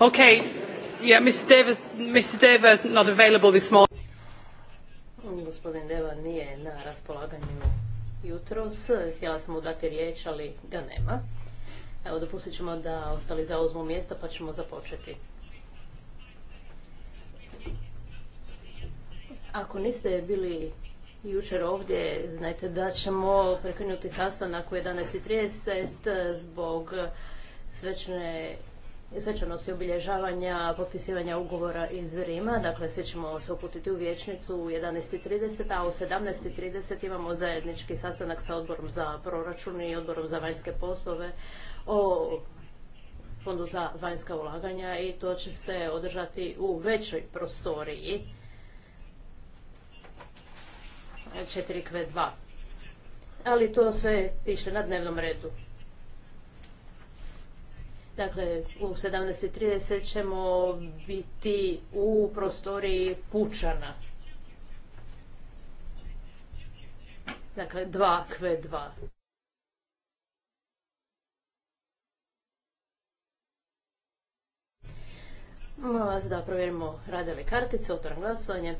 Okay. Mr. Gospodin Deva nije na raspolaganju jutros. Htjela sam mu dati riječ, ali ga nema. Evo, dopustit ćemo da ostali zauzmu mjesta pa ćemo započeti. Ako niste bili jučer ovdje. Znajte da ćemo prekinuti sastanak u 11.30 zbog svečne svečanosti obilježavanja potpisivanja ugovora iz Rima. Dakle, svi ćemo se uputiti u vječnicu u 11.30, a u 17.30 imamo zajednički sastanak sa odborom za proračun i odborom za vanjske poslove o fondu za vanjska ulaganja i to će se održati u većoj prostoriji. 4 kve 2 Ali to sve piše na dnevnom redu. Dakle, u 17.30 ćemo biti u prostoriji Pučana. Dakle, 2 kve 2 Molim vas da provjerimo radili kartice, otvoram glasovanje.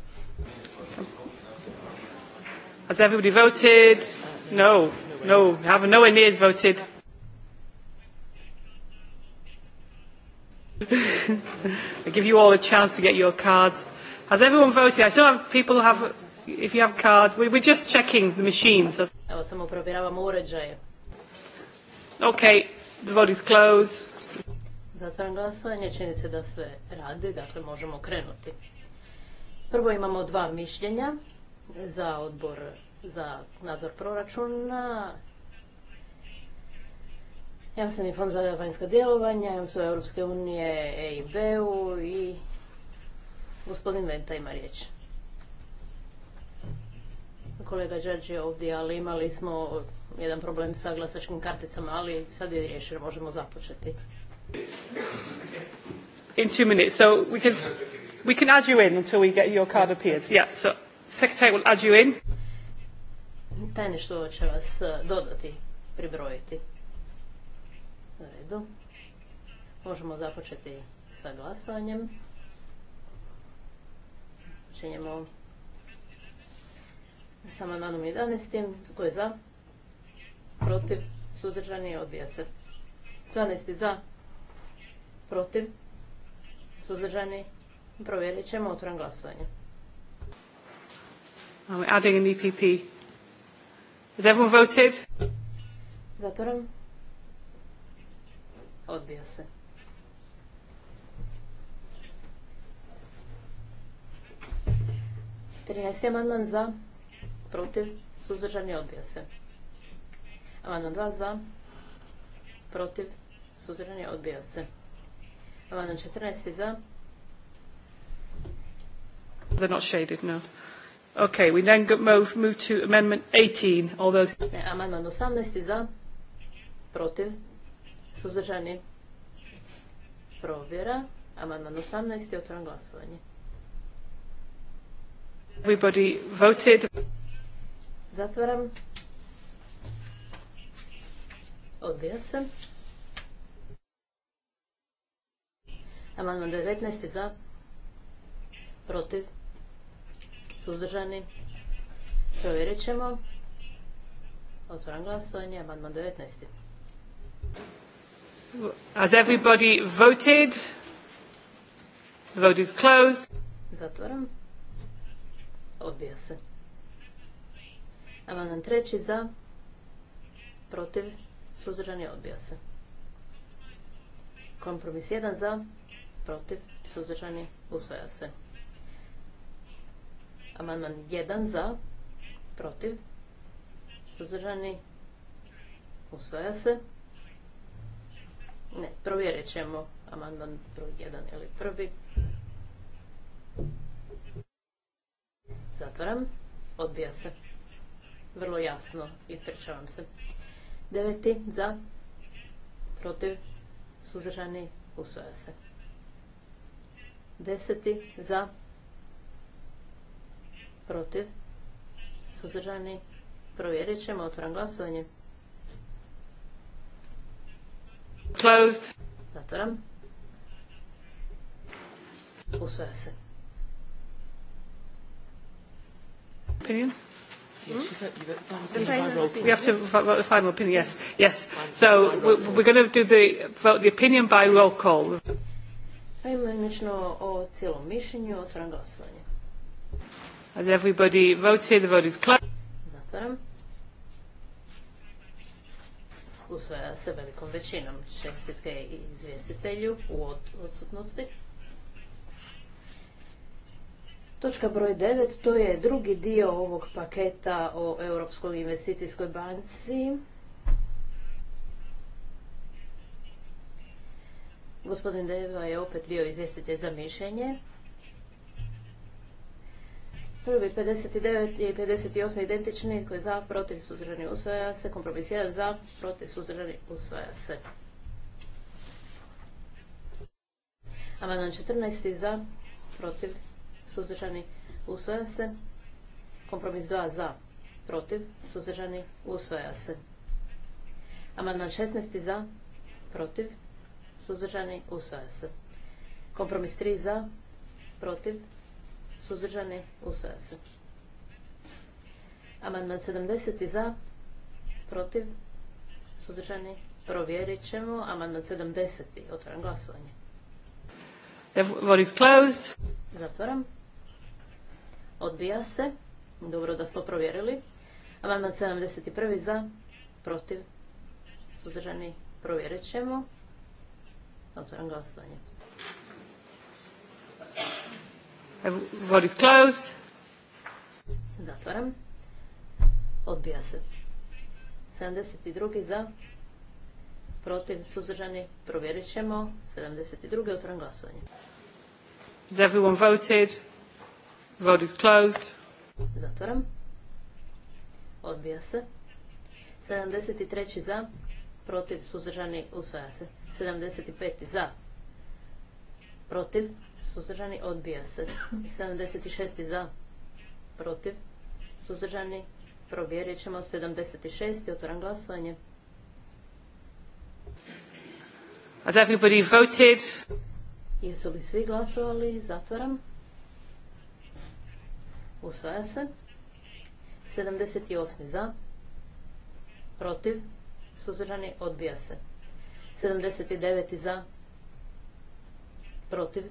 Has everybody voted? No, no, have no one has voted. I give you all a chance to get your cards. Has everyone voted? I still have people have, if you have cards, we, we're just checking the machines. Okay, the vote is closed. Zatvaram glasovanje, čini se da sve radi, dakle možemo krenuti. Prvo imamo dva mišljenja za odbor za nadzor proračuna. Ja sam i fond za vanjska djelovanja, ja sam Europske unije, EIB-u i gospodin Venta ima riječ. Kolega Đađe je ovdje, ali imali smo jedan problem sa glasačkim karticama, ali sad je riješeno, možemo započeti. In two minutes, so we can, we can add you in until we get your card appears. Yeah, so Sekretar Tajništvo će vas e, dodati, pribrojiti. na redu. Možemo započeti sa glasovanjem. Počinjemo sa amandmanom 11. Tko je za? Protiv? Suzdržani? Odbija se. 12. za? Protiv? Suzdržani? Provjerit ćemo. otvoran glasovanje. And we're adding an EPP. Has everyone voted? Zatvoram. Odbija se. Trinaest amandman za, protiv, suzdržani odbija se. Amandman dva za, protiv, suzdržani odbija se. Amandman 14 za. They're not shaded, no. Okay, we then move, move to amendment 18. All those... Ne, 18 za, protiv, suzdržani, provjera. Amendment 18 je glasovanje. Everybody voted. Zatvoram. Odbija se. Amendment 19 za, protiv, Suzdržani? Provjerit ćemo. Otvoram glasovanje, amandman 19. Has everybody voted? vote is closed. Zatvoram. Odbija se. Amandman treći za, protiv, suzdržani, odbija se. Kompromis jedan za, protiv, suzdržani, usvoja se. Amandman 1 za, protiv, suzdržani, usvoja se. Ne, provjerit ćemo amandman broj 1 ili prvi. Zatvaram. Odbija se. Vrlo jasno. Ispričavam se. Deveti za. Protiv. Suzdržani. usvoja se. Deseti za protiv, suzdržani, provjerit ćemo, otvoram glasovanje. Closed. Zatvoram. Usvaja se. Hmm? Opinion? We have to vote the final opinion, yes. Yes. So we're going to do the vote the opinion by roll call. Ajmo o cijelom mišljenju, otvoram glasovanje. Has Zatvaram. Usvaja se velikom većinom. Čestitke izvjestitelju u odsutnosti. Točka broj 9, to je drugi dio ovog paketa o Europskoj investicijskoj banci. Gospodin Deva je opet bio izvjestitelj za mišljenje. Prvi 59 i 58 identični koji je za, protiv, suzdržani, usvaja se. Kompromis 1 za, protiv, suzdržani, usvaja se. Amandman 14 za, protiv, suzdržani, usvaja se. Kompromis 2 za, protiv, suzdržani, usvaja se. Amandman 16 za, protiv, suzdržani, usvaja se. Kompromis 3 za, protiv, suzdržani, usvaja se. Amandman 70. za, protiv, suzdržani, provjerit ćemo. Amandman 70. otvoram glasovanje. Zatvaram. is closed. Zatvoram. Odbija se. Dobro da smo provjerili. Amandman 71. za, protiv, suzdržani, provjerit ćemo. Otvoram glasovanje. Vote is closed. Zatvaram. Odbija se. 72. za. Protiv. Suzdržani. Provjerit ćemo. 72. Otvoram glasovanje. Has everyone voted? Vote is closed. Zatvaram. Odbija se. 73. za. Protiv. Suzdržani. Usvaja se. 75. za protiv, suzdržani, odbija se. 76. za, protiv, suzdržani, provjerit ćemo 76. otvoram glasovanje. Has everybody voted? Jesu li svi glasovali? Zatvoram. Usvaja se. 78. za. Protiv. Suzdržani. Odbija se. 79. za. Protiv?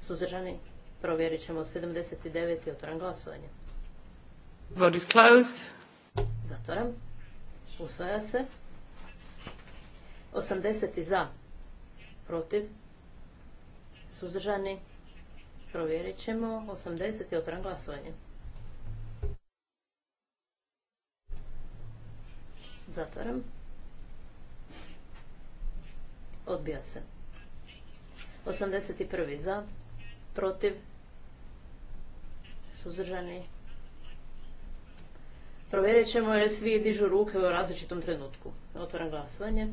Suzdržani? Provjerit ćemo 79. otvoram glasovanje. Vote is Zatvoram. Usvaja se. 80. za. Protiv? Suzdržani? Provjerit ćemo 80. otvoram glasovanje. Zatvaram. Odbija se. 81. za, protiv, suzdržani. Provjerit ćemo jer svi dižu ruke u različitom trenutku. Otvoram glasovanje.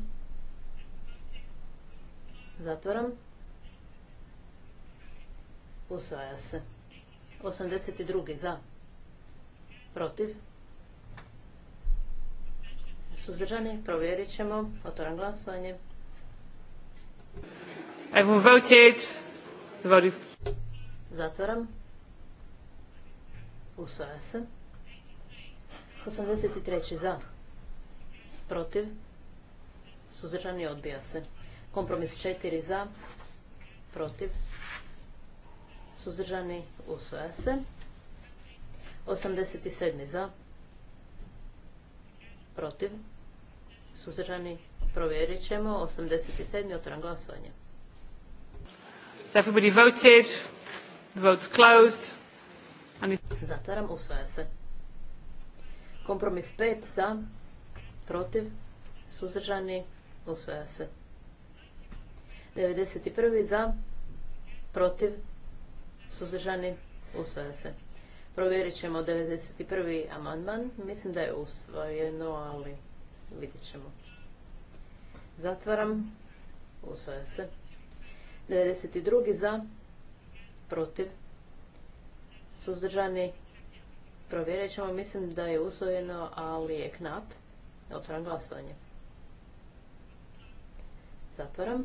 Zatvoram. Usvaja se. 82. za. Protiv. Suzdržani. Provjerit ćemo. Otvoram glasovanje. Everyone voted. The vote is... Zatvaram. Usvaja se. 83. za. Protiv. Suzdržani odbija se. Kompromis 4 za. Protiv. Suzdržani usvaja se. 87. za. Protiv. Suzdržani provjerit ćemo. 87. otvoran glasovanje everybody voted? The is closed. Zatvaram, usvaja se. Kompromis 5 za, protiv, suzdržani, usvaja se. 91. za, protiv, suzdržani, usvaja se. Provjerit ćemo 91. amandman. Mislim da je usvojeno, ali vidjet ćemo. Zatvaram, usvaja se. 92. za, protiv, suzdržani, provjerit ćemo. Mislim da je usvojeno, ali je knap. Otvoram glasovanje. Zatvoram.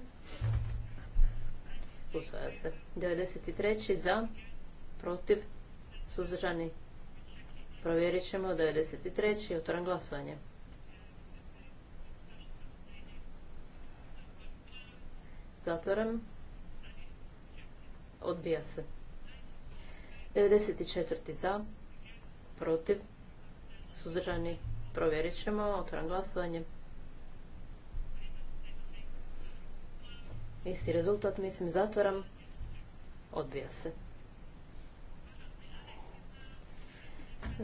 Usvoja se. 93. za, protiv, suzdržani, provjerit ćemo. 93. Otvoram glasovanje. Zatvoram. Odbija se. 94. za. Protiv. Suzdržani. Provjerit ćemo. Otvoram glasovanje. Isti rezultat, mislim, zatvoram. Odbija se.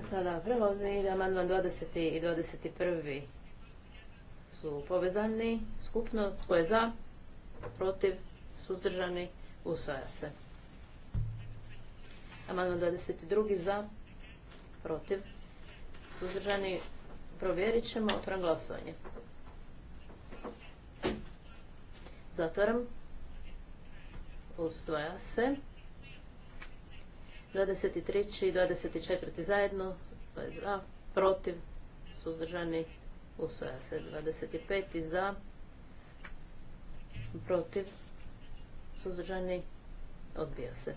Sada prelozi. da amandman 20. i 21. su povezani skupno. Tko je za? Protiv? Suzdržani? Usvaja se. Amandman 22. za, protiv, suzdržani, provjerit ćemo, otvoram glasovanje. Zatvoram. Usvaja se. 23. i 24. zajedno, je za, protiv, suzdržani, usvaja se. 25. za, protiv, suzdržani, odbija se.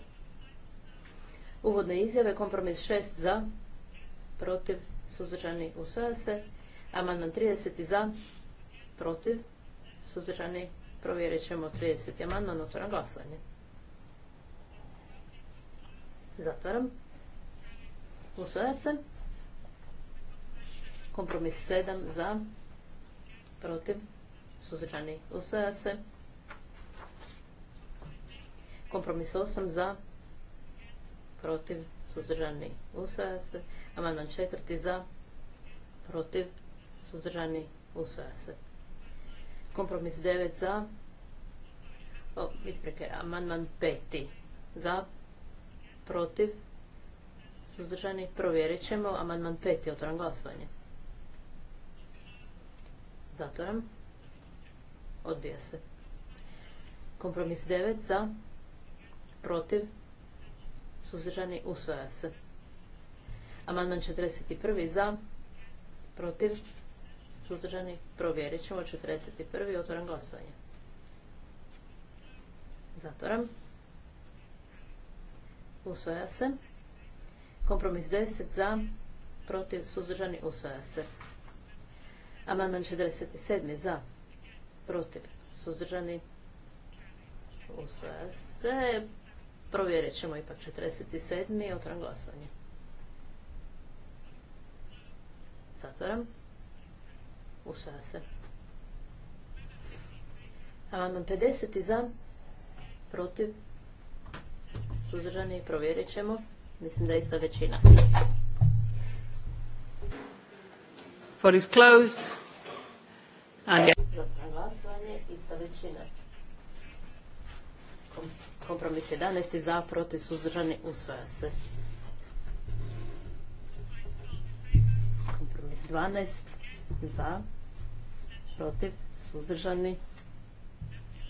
Uvodne izjave, kompromis 6 za, protiv, suzdržani, usvaja se. Amandman 30 za, protiv, suzdržani, provjerit ćemo 30. Amandman, otvoram glasovanje. Zatvaram. Usvaja se. Kompromis 7 za, protiv, suzdržani, usvaja se. Kompromis 8 za, protiv, suzdržani, usvaja se. Amandman četvrti za, protiv, suzdržani, usvaja se. Kompromis devet, za, o, isprike, amandman peti za, protiv, suzdržani, provjerit ćemo. Amandman peti, otvoram glasovanje. Zatvoram. Odbija se. Kompromis devet, za, protiv, suzdržani, usvoja se. Amandman 41. za, protiv, suzdržani, provjerit ćemo 41. otvoram glasovanje. Zatvoram. usvoja se. Kompromis 10 za, protiv, suzdržani, usvoja se. Amandman 47. za, protiv, suzdržani, usvoja se. Provjerit ćemo ipak 47. i otvoram glasovanje. Zatvoram. Usvaja se. Amandman 50. za, protiv, suzdržani, provjerit ćemo. Mislim da je ista većina. For is closed. Zatvoram glasovanje, ista većina. Kompromis 11. Za, protiv, suzdržani, usvaja se. Kompromis 12. Za, protiv, suzdržani,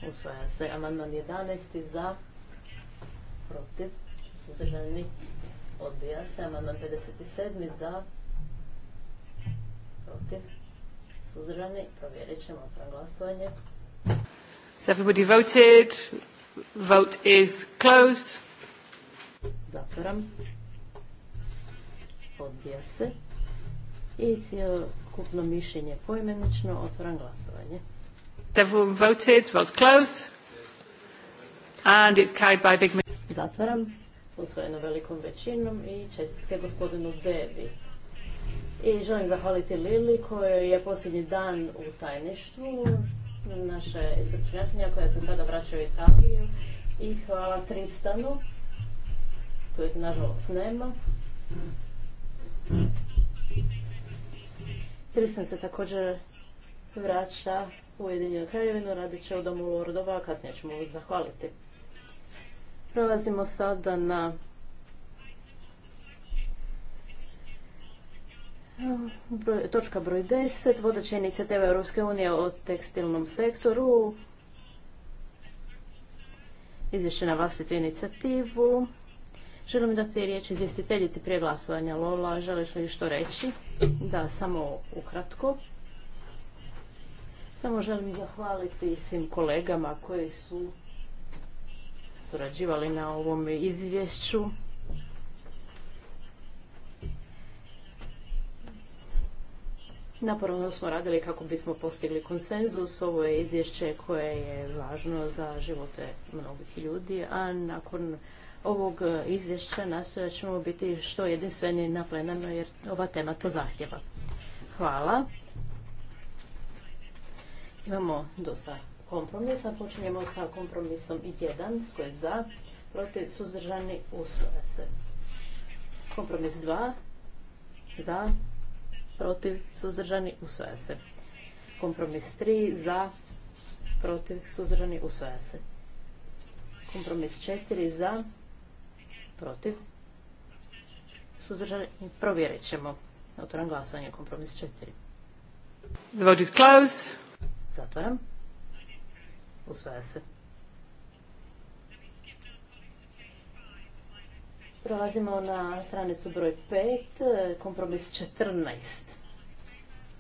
usvaja se. Amandman 11. Za, protiv, suzdržani, odbija se. Amandman 57. Za, protiv, suzdržani, provjerit ćemo otvoren glasovanje. Has everybody voted? Vote is closed. Zatvaram. Odbija se. I kupno mišljenje poimenično. Otvaram glasovanje. Everyone voted. Vote closed. And it's carried by Zatvaram. Usvojeno velikom većinom i čestitke gospodinu Bebi. I želim zahvaliti Lili koja je posljednji dan u tajništvu naše iskućenjakinja koja se sada vraća u Italiju i hvala Tristanu kojeg nažalost nema. Tristan se također vraća u Ujedinjenu kraljevinu, radit će u Domu Lordova, a kasnije ćemo mu zahvaliti. Prelazimo sada na točka broj 10, vodeća inicijativa Europske unije o tekstilnom sektoru, izvješće na vlastitu inicijativu. Želim dati riječ izvjestiteljici prije glasovanja. Lola, želiš li što reći? Da, samo ukratko. Samo želim zahvaliti svim kolegama koji su surađivali na ovom izvješću. Naporno smo radili kako bismo postigli konsenzus. Ovo je izvješće koje je važno za živote mnogih ljudi, a nakon ovog izvješća nastojat ćemo biti što jedinstveni na plenarno jer ova tema to zahtjeva. Hvala. Imamo dosta kompromisa. Počinjemo sa kompromisom jedan koji je za, protiv, suzdržani, usvoja se. Kompromis 2 za, protiv, suzdržani, usvaja se. Kompromis 3 za, protiv, suzdržani, usvaja se. Kompromis 4 za, protiv, suzdržani, provjerit ćemo. Otvoram glasanje, kompromis 4. The vote is closed. Zatvoram. Usvaja se. Prolazimo na stranicu broj 5, kompromis 14.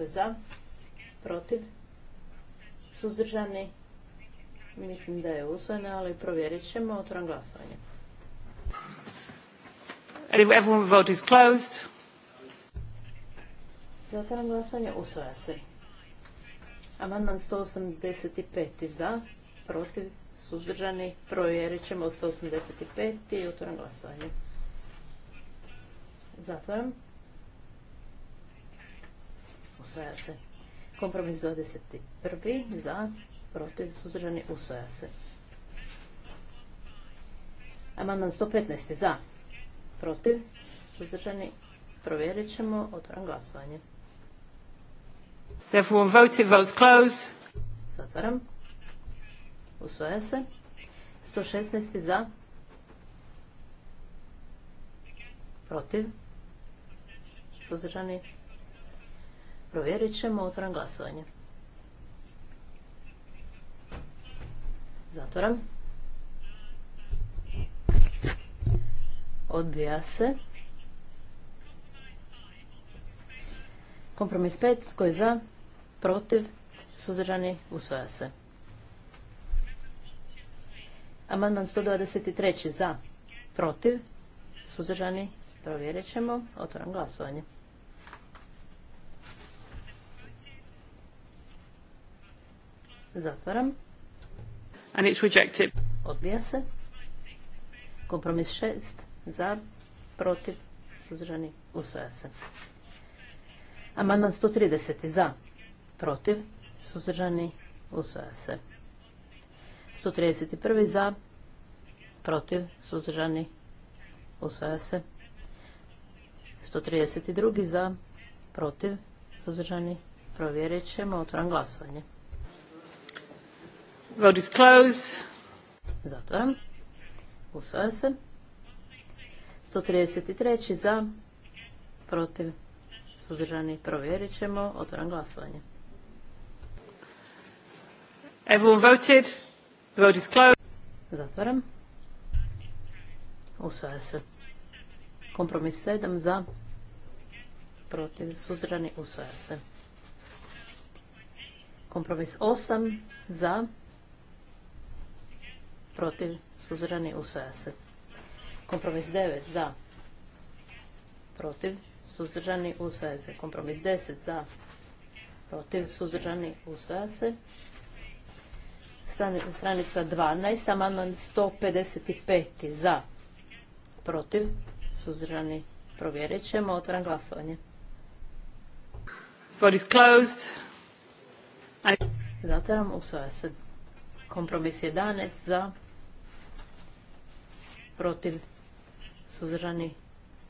Dakle, za, protiv, suzdržani. Mislim da je usvojeno, ali provjerit ćemo. Otvoram glasovanje. Everyone closed. glasovanje. Usvoja se. Amandman 185. za, protiv, suzdržani. Provjerit ćemo 185. i otvoram glasovanje. Zatvaram usvaja se. Kompromis 21. za, protiv, suzdržani, usvaja se. Amandman 115. za, protiv, suzdržani, provjerit ćemo, otvoram glasovanje. Therefore, voted, votes close. Zatvaram. Usvaja se. 116. za. Protiv. Suzdržani. Provjerit ćemo, otvoran glasovanje. Zatvoram. Odbija se. Kompromis 5, koji je za, protiv, suzdržani, usvoja se. Amandman 123. za, protiv, suzdržani, provjerit ćemo, otvoram glasovanje. Zatvaram. And it's rejected. Odbija se. Kompromis šest. Za, protiv, suzdržani, usvaja se. Amandman 130. Za, protiv, suzdržani, usvaja se. 131. Za, protiv, suzdržani, usvaja se. 132. Za, protiv, suzdržani, provjerit ćemo. Otvoram glasovanje. Vote is closed. Zatvaram. Usvaja se. 133. za, protiv, suzdržani. Provjerit ćemo. Otvaram glasovanje. Everyone voted. Vote is closed. Zatvaram. Usvaja se. Kompromis 7 za, protiv, suzdržani. Usvaja se. Kompromis 8 za, protiv, protiv, suzdržani, usvaja se. Kompromis 9 za, protiv, suzdržani, usvaja se. Kompromis 10 za, protiv, suzdržani, usvaja se. Stranica 12, amandman 155 za, protiv, suzdržani, provjerit ćemo. Otvaram glasovanje. Vote closed. Zatvaram, usvaja se. Kompromis 11 za, protiv, suzdržani,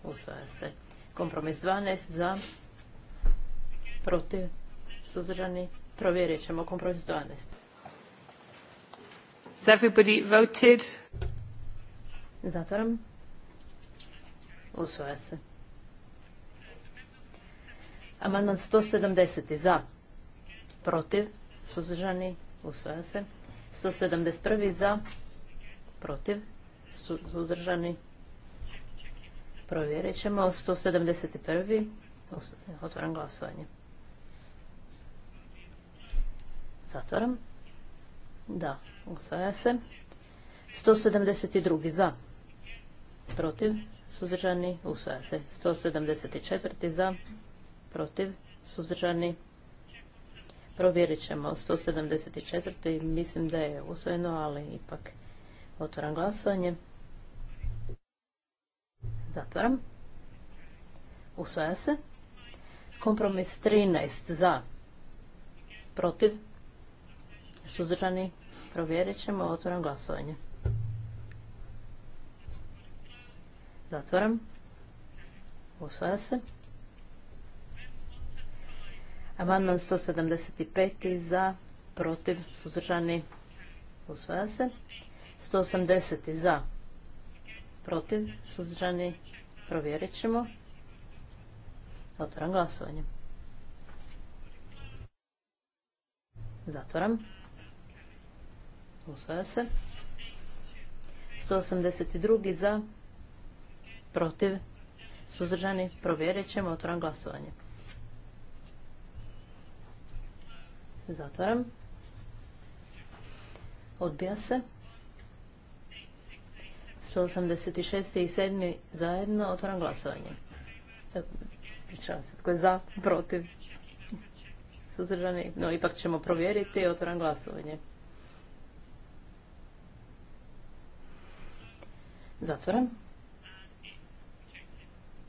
usvaja se. Kompromis 12 za, protiv, suzdržani, provjerit ćemo kompromis 12. Has everybody Zatvaram. Usvaja se. Amandman 170. za. Protiv. Suzdržani. Usvaja se. 171. za. Protiv suzdržani. Provjerit ćemo. 171. Otvoram glasovanje. Zatvoram. Da, usvaja se. 172. za. Protiv. Suzdržani. Usvaja se. 174. za. Protiv. Suzdržani. Provjerit ćemo. 174. Mislim da je usvojeno, ali ipak Otvaram glasovanje. Zatvaram. Usvaja se. Kompromis 13 za. Protiv. Suzdržani. Provjerit ćemo. Otvaram glasovanje. Zatvaram. Usvaja se. Amandman 175. za, protiv, suzdržani, usvaja se. 180. za, protiv, suzdržani, provjerit ćemo. Otvoram glasovanje. Zatvoram. Usvaja se. 182. za, protiv, suzdržani, provjerit ćemo. Otvoram glasovanje. Zatvoram. Odbija se. 86. i 7. zajedno otvoram glasovanje. Ispričavam se, tko je za, protiv, suzdržani, no ipak ćemo provjeriti, otvoram glasovanje. Zatvoram.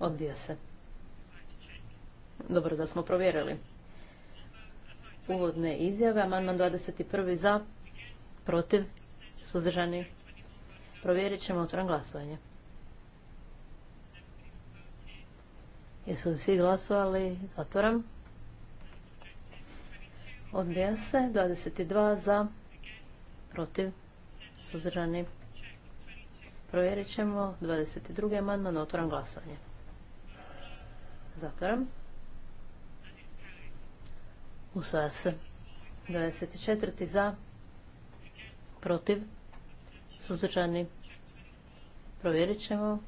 Odbija se. Dobro da smo provjerili. Uvodne izjave, amandman 21. za, protiv, suzdržani, Provjerit ćemo otvoran glasovanje. Jesu li svi glasovali? Zatvoram. Odbija se. 22 za, protiv, suzdržani. Provjerit ćemo. 22. amandman, otvoram glasovanje. Zatvoram. Usvaja se. 24. za, protiv, Suzdržani? Provjerit ćemo.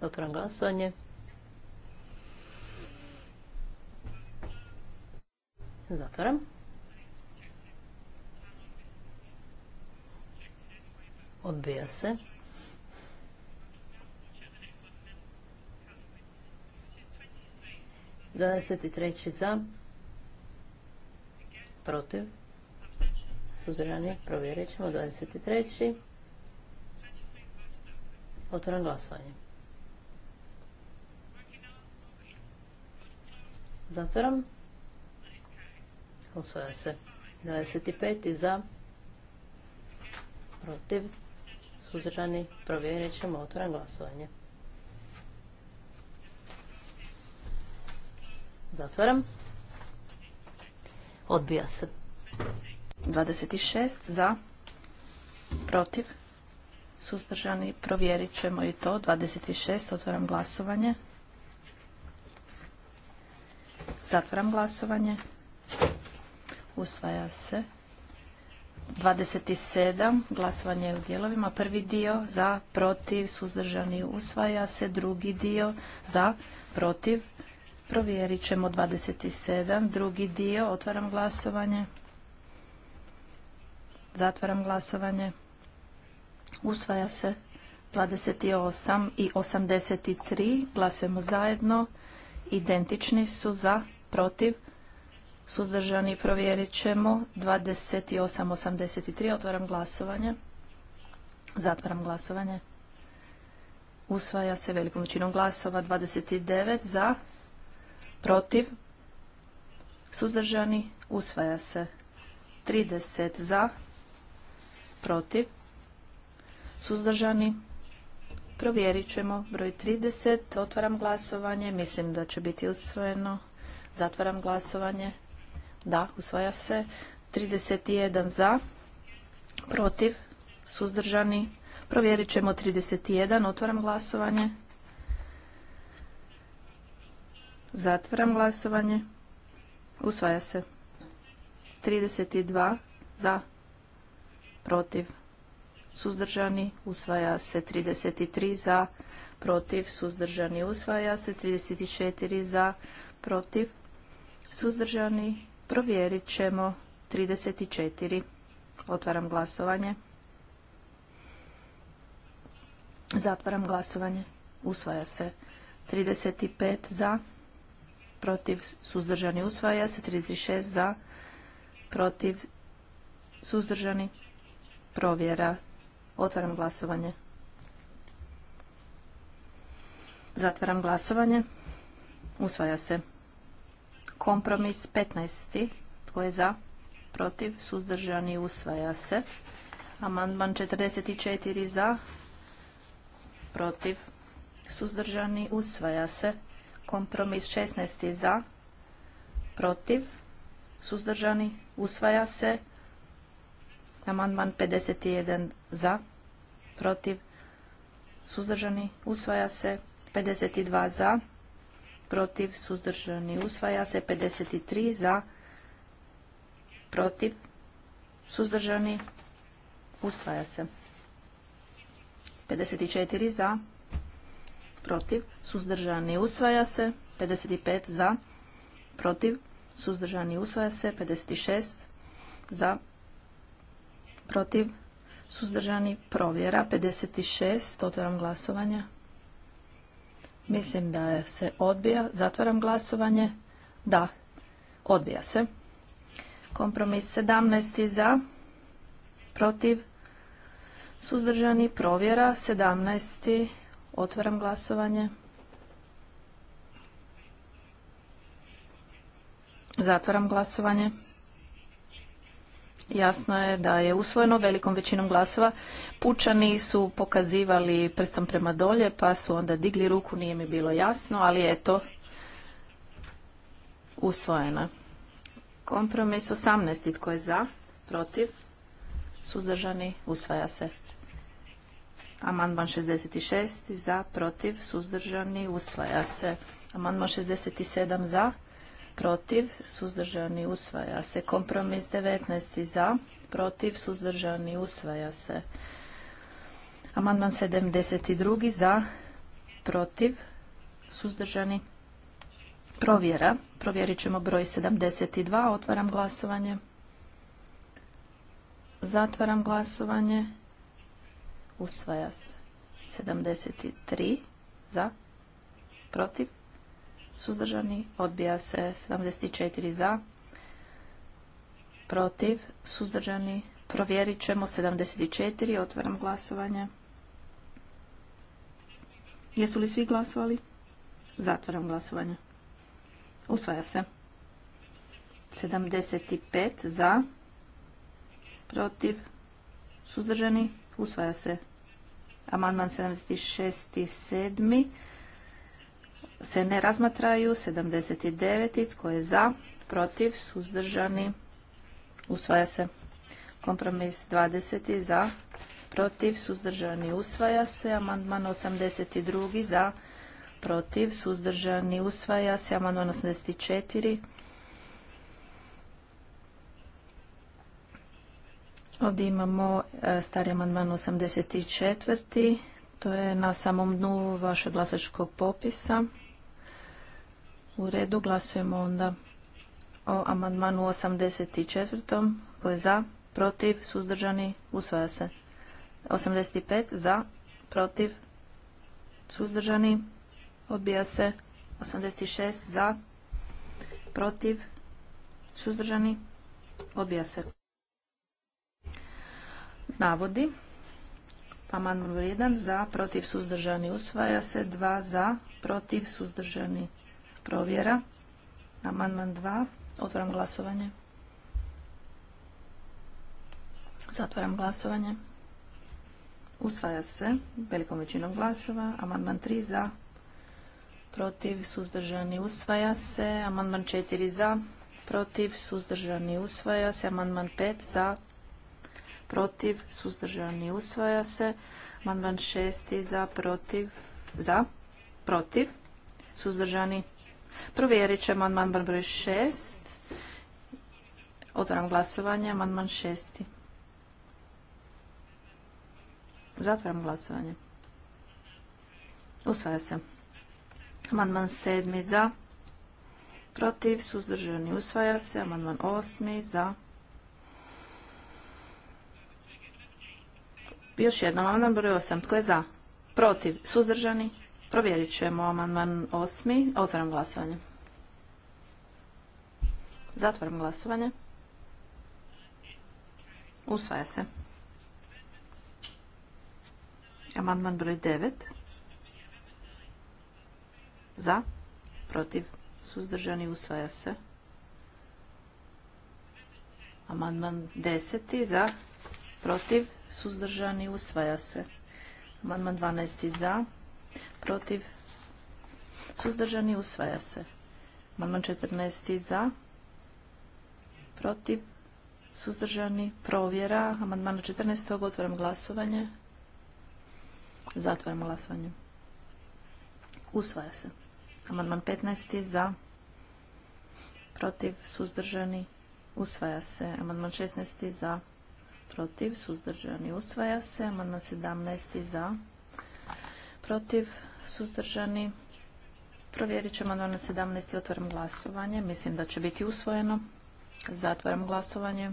Otvoram glasovanje. Zatvoram. Odbija se. Dvadeset treći za. Protiv suzdržani, provjerit ćemo. 23. Otvaram glasovanje. Zatvoram. Usvoja se. 25. za. Protiv. Suzdržani. Provjerit ćemo. Otvoram glasovanje. Zatvoram. Odbija se. 26 za, protiv, suzdržani, provjerit ćemo i to. 26, otvaram glasovanje. Zatvaram glasovanje. Usvaja se. 27, glasovanje je u dijelovima. Prvi dio za, protiv, suzdržani, usvaja se. Drugi dio za, protiv, provjerit ćemo 27. Drugi dio, otvaram glasovanje. Zatvaram glasovanje. Usvaja se 28 i 83. Glasujemo zajedno. Identični su za, protiv. Suzdržani provjerit ćemo 83. Otvaram glasovanje. Zatvaram glasovanje. Usvaja se velikom većinom glasova 29 za, protiv, suzdržani, usvaja se 30 za, protiv, suzdržani, provjerit ćemo broj 30, otvaram glasovanje, mislim da će biti usvojeno, zatvaram glasovanje, da, usvaja se, 31 za, protiv, suzdržani, provjerit ćemo 31, otvaram glasovanje, zatvaram glasovanje, usvaja se, 32 za, protiv, suzdržani, usvaja se 33 za, protiv, suzdržani, usvaja se 34 za, protiv, suzdržani, provjerit ćemo 34. Otvaram glasovanje. Zatvaram glasovanje. Usvaja se 35 za, protiv, suzdržani, usvaja se 36 za, protiv, suzdržani, provjera. Otvaram glasovanje. Zatvaram glasovanje. Usvaja se. Kompromis 15. Tko je za? Protiv? Suzdržani? Usvaja se. Amandman 44 za? Protiv? Suzdržani? Usvaja se. Kompromis 16. za? Protiv? Suzdržani? Usvaja se. Amandman 51 za, protiv, suzdržani, usvaja se. 52 za, protiv, suzdržani, usvaja se. 53 za, protiv, suzdržani, usvaja se. 54 za, protiv, suzdržani, usvaja se. 55 za, protiv, suzdržani, usvaja se. 56 za, protiv, suzdržani, provjera. 56, otvaram glasovanje. Mislim da se odbija. Zatvaram glasovanje. Da, odbija se. Kompromis 17 za, protiv, suzdržani, provjera. 17, otvaram glasovanje. Zatvaram glasovanje. Jasno je da je usvojeno velikom većinom glasova. Pučani su pokazivali prstom prema dolje, pa su onda digli ruku, nije mi bilo jasno, ali eto, usvojeno. Kompromis 18. Tko je za? Protiv? Suzdržani? Usvaja se. Amandman 66. Za? Protiv? Suzdržani? Usvaja se. Amandman 67. Za? protiv, suzdržani usvaja se. Kompromis 19 za, protiv, suzdržani usvaja se. Amandman 72 za, protiv, suzdržani provjera. Provjerit ćemo broj 72. Otvaram glasovanje. Zatvaram glasovanje. Usvaja se. 73 za, protiv, suzdržani, odbija se 74 za, protiv, suzdržani, provjerit ćemo 74, otvaram glasovanje. Jesu li svi glasovali? Zatvaram glasovanje. Usvaja se. 75 za, protiv, suzdržani, usvaja se. Amandman 76 i 7 se ne razmatraju. 79. Tko je za? Protiv? Suzdržani? Usvaja se. Kompromis 20. Za? Protiv? Suzdržani? Usvaja se. Amandman 82. Za? Protiv? Suzdržani? Usvaja se. Amandman 84. Ovdje imamo e, stari amandman 84. To je na samom dnu vašeg glasačkog popisa. U redu glasujemo onda o amandmanu 84. Tko je za? Protiv? Suzdržani? Usvaja se. 85. Za? Protiv? Suzdržani? Odbija se. 86. Za? Protiv? Suzdržani? Odbija se. Navodi. Amandman 1. Za? Protiv? Suzdržani? Usvaja se. 2. Za? Protiv? Suzdržani? provjera. Amandman 2. Otvaram glasovanje. Zatvaram glasovanje. Usvaja se velikom većinom glasova. Amandman 3 za. Protiv suzdržani usvaja se. Amandman 4 za. Protiv suzdržani usvaja se. Amandman 5 za. Protiv suzdržani usvaja se. Amandman 6 za. Protiv za. Protiv suzdržani Provjerit ćemo amandman broj 6. Otvaram glasovanje, amandman šesti. Zatvaram glasovanje. Usvaja se. Amandman 7. za. Protiv, suzdržani, usvaja se. Amandman osmi za. Još jednom, amandman broj osam. Tko je za? Protiv, suzdržani, Provjerit ćemo amandman osmi. Otvaram glasovanje. Zatvaram glasovanje. Usvaja se. Amandman broj devet. Za. Protiv. Suzdržani. Usvaja se. Amandman 10. Za. Protiv. Suzdržani. Usvaja se. Amandman 12. Za protiv, suzdržani, usvaja se. Amandman 14. za, protiv, suzdržani, provjera. Amandman 14. otvaram glasovanje. Zatvaram glasovanje. Usvaja se. Amandman 15. za, protiv, suzdržani, usvaja se. Amandman 16. za, protiv, suzdržani, usvaja se. Amandman 17. za, protiv, suzdržani. Provjerit ćemo na 17. Otvaram glasovanje. Mislim da će biti usvojeno. Zatvaram glasovanje.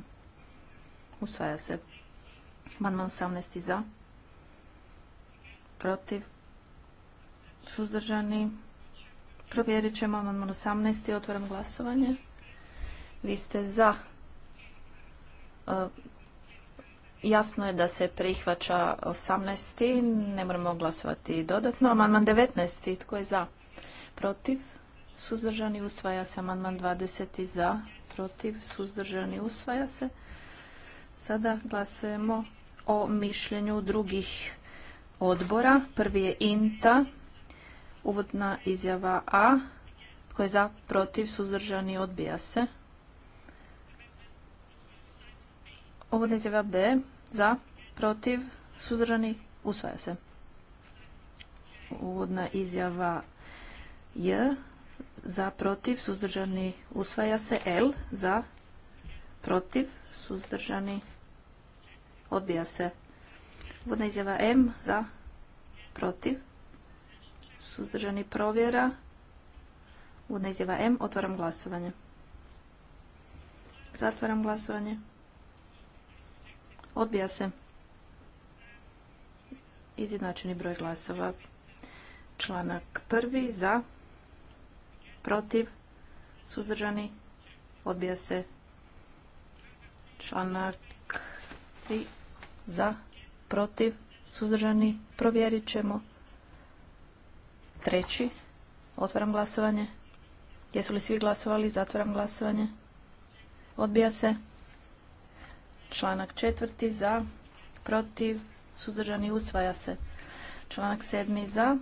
Usvaja se. Amandman 18. za. Protiv. Suzdržani. Provjerit ćemo amandman 18. Otvaram glasovanje. Vi ste za e, Jasno je da se prihvaća 18. Ne moramo glasovati dodatno. Amandman 19. Tko je za? Protiv? Suzdržani usvaja se. Amandman 20. Za? Protiv? Suzdržani usvaja se. Sada glasujemo o mišljenju drugih odbora. Prvi je INTA. Uvodna izjava A. Tko je za? Protiv? Suzdržani odbija se. Uvodna izjava B. Za, protiv, suzdržani, usvaja se. Uvodna izjava J. Za, protiv, suzdržani, usvaja se. L. Za, protiv, suzdržani, odbija se. Uvodna izjava M. Za, protiv, suzdržani, provjera. Uvodna izjava M. Otvaram glasovanje. Zatvaram glasovanje. Odbija se. Izjednačeni broj glasova. Članak prvi za, protiv, suzdržani, odbija se. Članak 3 za, protiv, suzdržani, provjerit ćemo. Treći, otvaram glasovanje. Jesu li svi glasovali? Zatvaram glasovanje. Odbija se. Članak četvrti za, protiv, suzdržani usvaja se. Članak sedmi za,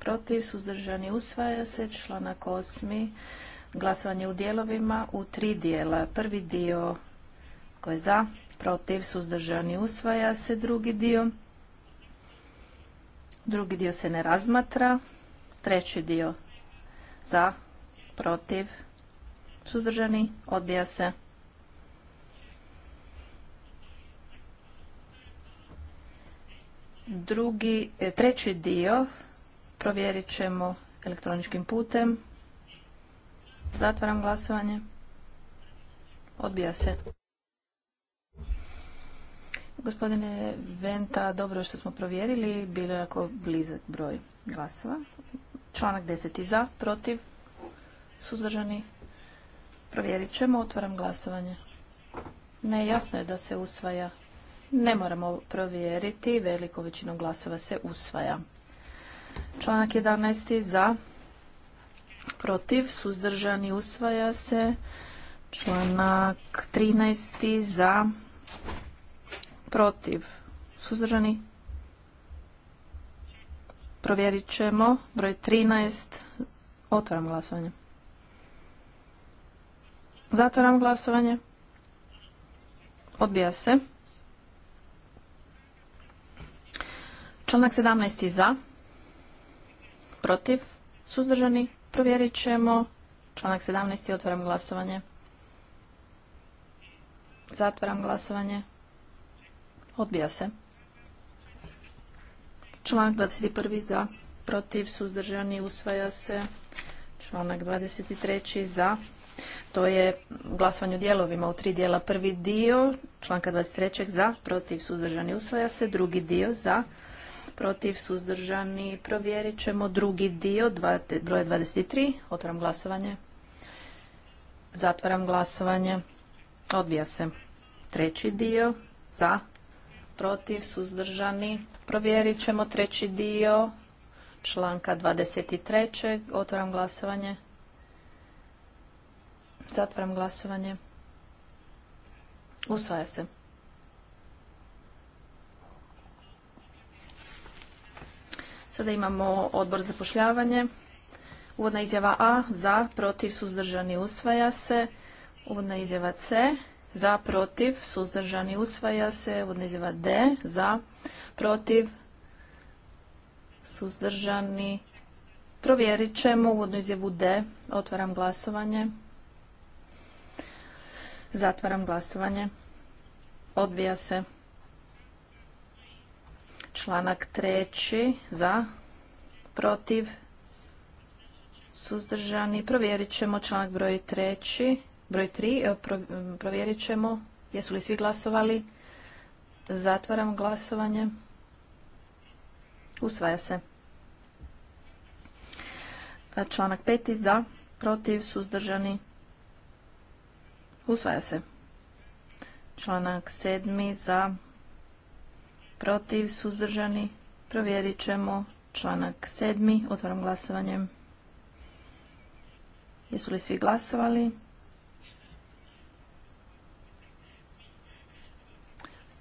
protiv, suzdržani usvaja se. Članak osmi, glasovanje u dijelovima u tri dijela. Prvi dio koji je za, protiv, suzdržani usvaja se. Drugi dio, drugi dio se ne razmatra. Treći dio za, protiv, suzdržani odbija se. Drugi, e, treći dio provjerit ćemo elektroničkim putem. Zatvaram glasovanje. Odbija se. Gospodine Venta, dobro što smo provjerili, bilo je jako blizak broj glasova. Članak 10. za, protiv, suzdržani. Provjerit ćemo, otvaram glasovanje. Ne, jasno je da se usvaja ne moramo provjeriti, veliko većinom glasova se usvaja. Članak 11. za, protiv, suzdržani, usvaja se. Članak 13. za, protiv, suzdržani, provjerit ćemo. Broj 13, otvaram glasovanje. Zatvaram glasovanje. Odbija se. Članak 17. za, protiv, suzdržani, provjerit ćemo. Članak 17. otvaram glasovanje. Zatvaram glasovanje. Odbija se. Članak 21. za, protiv, suzdržani, usvaja se. Članak 23. za, to je glasovanje u dijelovima u tri dijela. Prvi dio članka 23. za, protiv, suzdržani, usvaja se. Drugi dio za, protiv, suzdržani. Provjerit ćemo drugi dio broje 23. Otvaram glasovanje. Zatvaram glasovanje. Odbija se. Treći dio za, protiv, suzdržani. Provjerit ćemo treći dio članka 23. Otvaram glasovanje. Zatvaram glasovanje. Usvaja se. Sada imamo odbor za pošljavanje. Uvodna izjava A, za, protiv, suzdržani, usvaja se. Uvodna izjava C, za, protiv, suzdržani, usvaja se. Uvodna izjava D, za, protiv, suzdržani. Provjerit ćemo uvodnu izjavu D. Otvaram glasovanje. Zatvaram glasovanje. Odbija se. Članak treći za, protiv, suzdržani. Provjerit ćemo članak broj treći, broj tri, e, e, provjerit ćemo jesu li svi glasovali. Zatvaram glasovanje. Usvaja se. E, članak peti za, protiv, suzdržani. Usvaja se. Članak sedmi za, protiv, suzdržani, provjerit ćemo članak 7. Otvaram glasovanje. Jesu li svi glasovali?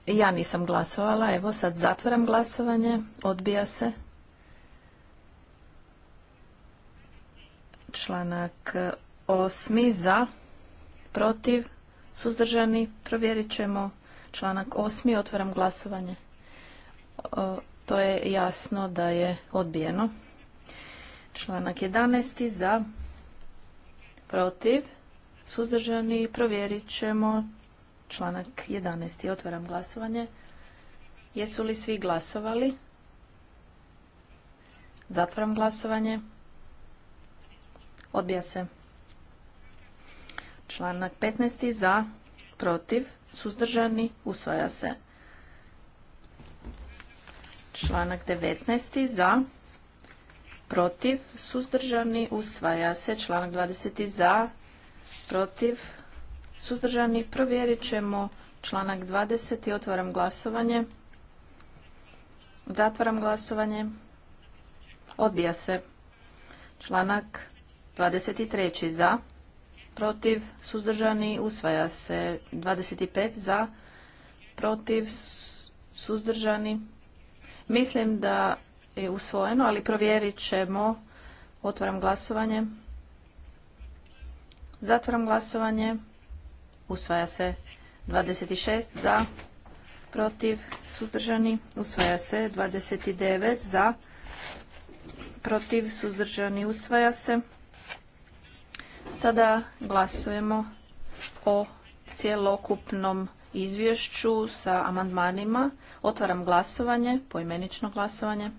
Ja nisam glasovala, evo sad zatvaram glasovanje, odbija se. Članak 8. za, protiv, suzdržani, provjerit ćemo članak 8. Otvaram glasovanje to je jasno da je odbijeno. Članak 11. za protiv suzdržani provjerit ćemo članak 11. Otvaram glasovanje. Jesu li svi glasovali? Zatvaram glasovanje. Odbija se. Članak 15. za protiv suzdržani usvaja se. Članak 19. za, protiv, suzdržani, usvaja se. Članak 20. za, protiv, suzdržani. Provjerit ćemo članak 20. Otvaram glasovanje. Zatvaram glasovanje. Odbija se. Članak 23. za, protiv, suzdržani, usvaja se. 25. za, protiv, suzdržani, Mislim da je usvojeno, ali provjerit ćemo. Otvaram glasovanje. Zatvaram glasovanje. Usvaja se 26 za, protiv, suzdržani. Usvaja se 29 za, protiv, suzdržani. Usvaja se. Sada glasujemo o cjelokupnom izvješću sa amandmanima. Otvaram glasovanje, poimenično glasovanje.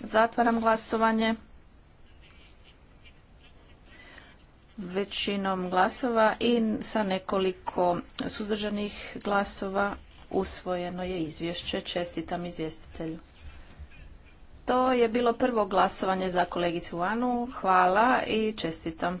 Zatvaram glasovanje. Većinom glasova i sa nekoliko suzdržanih glasova usvojeno je izvješće. Čestitam izvjestitelju. To je bilo prvo glasovanje za kolegicu Anu. Hvala i čestitam.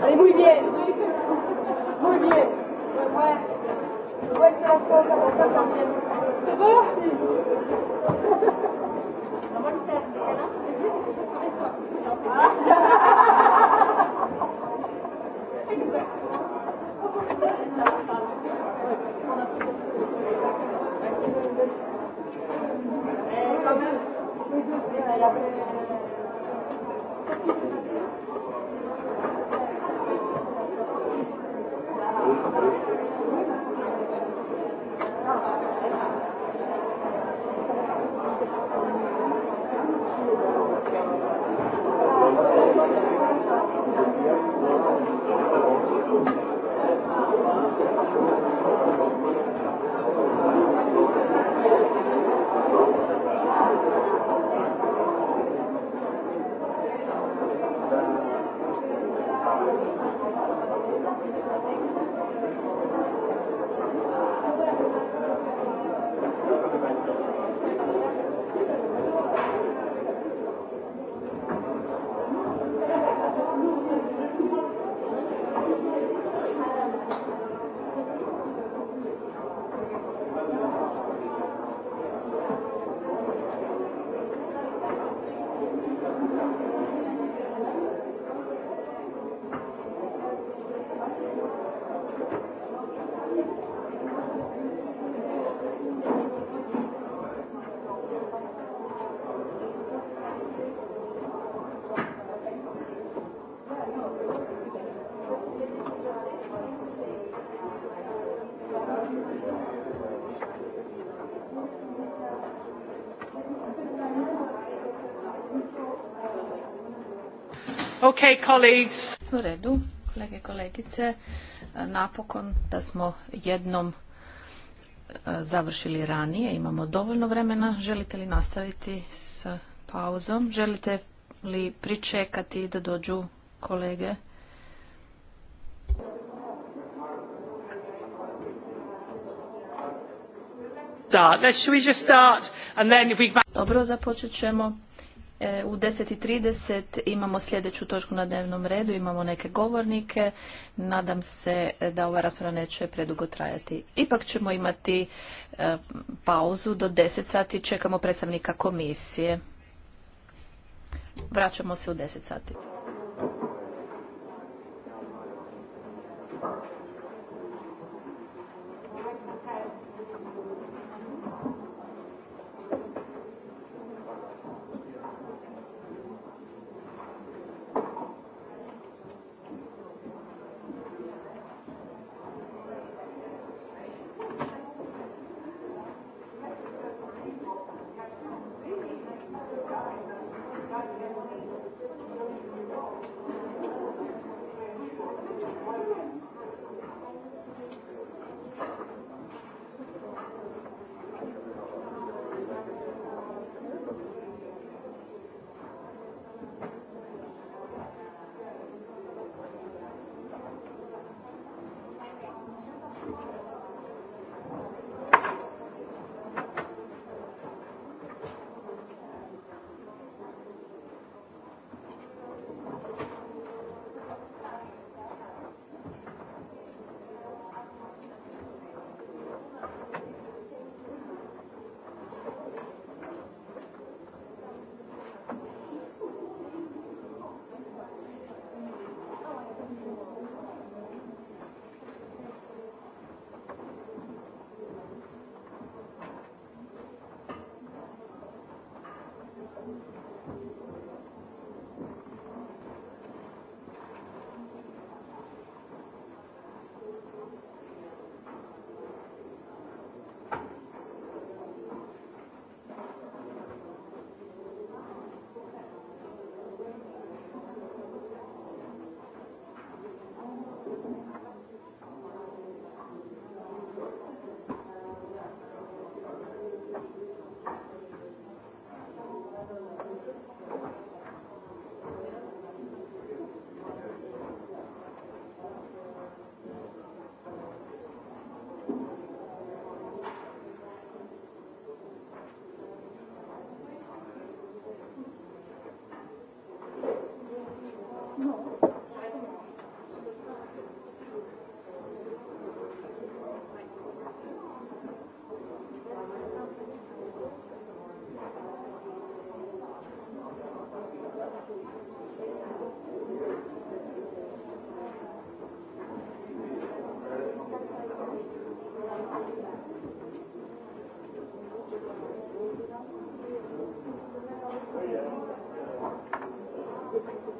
Allez, muy bien, muy bien. que las cosas también. ¿Es E pa Okay, colleagues. U redu, kolege i kolegice, napokon da smo jednom e, završili ranije, imamo dovoljno vremena. Želite li nastaviti s pauzom? Želite li pričekati da dođu kolege? Dobro, započet ćemo E, u 10.30 imamo sljedeću točku na dnevnom redu, imamo neke govornike. Nadam se e, da ova rasprava neće predugo trajati. Ipak ćemo imati e, pauzu do 10 sati, čekamo predstavnika komisije. Vraćamo se u 10 sati.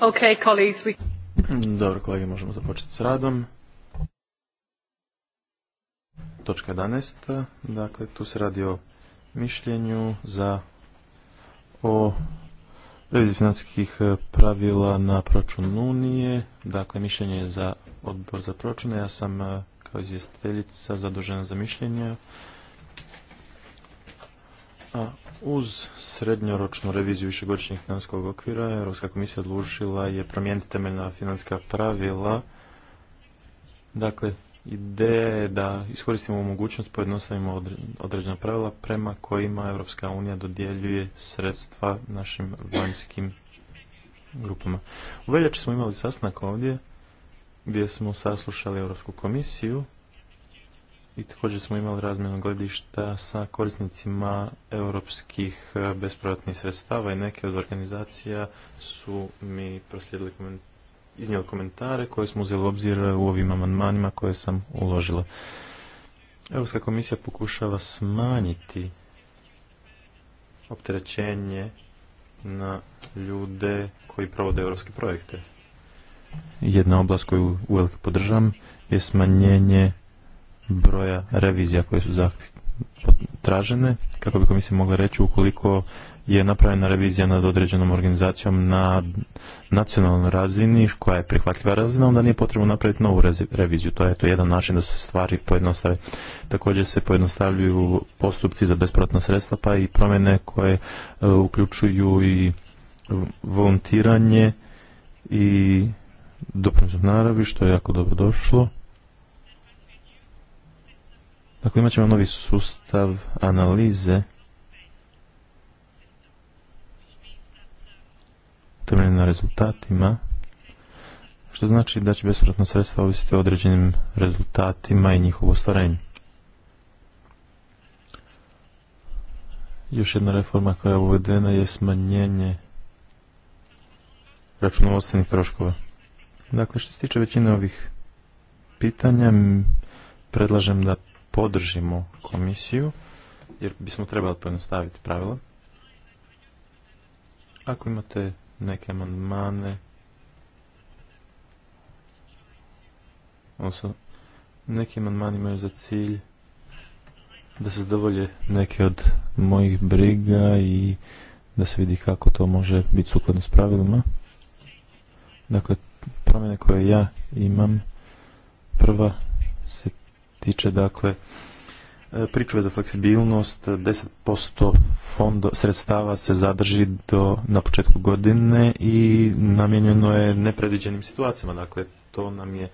Okay, Dobro, kolege, možemo započeti s radom. Točka 11. Dakle, tu se radi o mišljenju za o reviziji financijskih e, pravila na proračun Unije. Dakle, mišljenje je za odbor za proračune. Ja sam e, kao izvjestiteljica zadužena za mišljenje a uz srednjoročnu reviziju višegodišnjeg financijskog okvira, Europska komisija odlučila je promijeniti temeljna financijska pravila. Dakle, ideja je da iskoristimo mogućnost, pojednostavimo određena pravila prema kojima Europska unija dodjeljuje sredstva našim vanjskim grupama. U veljači smo imali sastanak ovdje gdje smo saslušali Europsku komisiju i također smo imali razmjenu gledišta sa korisnicima europskih e, bespovratnih sredstava i neke od organizacija su mi proslijedili iznijeli komentare koje smo uzeli u obzir u ovim amandmanima koje sam uložila. Europska komisija pokušava smanjiti opterećenje na ljude koji provode europske projekte. Jedna oblast koju uveliko podržam je smanjenje broja revizija koje su tražene, kako bi komisija mogla reći ukoliko je napravljena revizija nad određenom organizacijom na nacionalnoj razini koja je prihvatljiva razina, onda nije potrebno napraviti novu reviziju. To je to jedan način da se stvari pojednostave. Također se pojednostavljuju postupci za besplatna sredstva pa i promjene koje e, uključuju i volontiranje i doprinos naravi što je jako dobro došlo. Dakle, imat ćemo novi sustav analize temeljen na rezultatima, što znači da će bespovratna sredstva ovisiti o određenim rezultatima i njihovo ostvarenju. Još jedna reforma koja je uvedena je smanjenje računovodstvenih troškova. Dakle, što se tiče većine ovih pitanja, predlažem da podržimo komisiju, jer bismo trebali pojednostaviti pravila. Ako imate neke amandmane, odnosno neki amandmani imaju za cilj da se zadovolje neke od mojih briga i da se vidi kako to može biti sukladno s pravilima. Dakle, promjene koje ja imam, prva se tiče dakle e, pričuve za fleksibilnost 10% fondo, sredstava se zadrži do, na početku godine i namijenjeno je nepredviđenim situacijama. Dakle, to nam je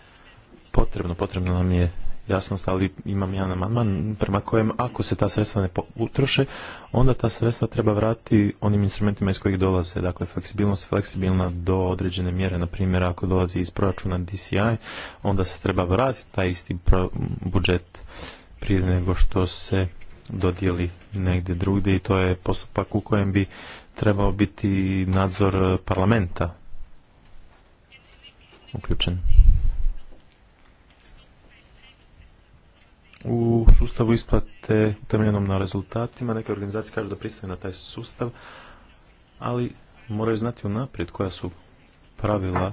potrebno. Potrebno nam je Jasno, ali imam jedan amandman prema kojem ako se ta sredstva ne utroše, onda ta sredstva treba vratiti onim instrumentima iz kojih dolaze. Dakle, fleksibilnost je fleksibilna do određene mjere. Na primjer, ako dolazi iz proračuna DCI, onda se treba vratiti taj isti budžet prije nego što se dodijeli negdje drugdje i to je postupak u kojem bi trebao biti nadzor parlamenta uključen. u sustavu isplate temeljenom na rezultatima. Neke organizacije kažu da pristaju na taj sustav, ali moraju znati unaprijed koja su pravila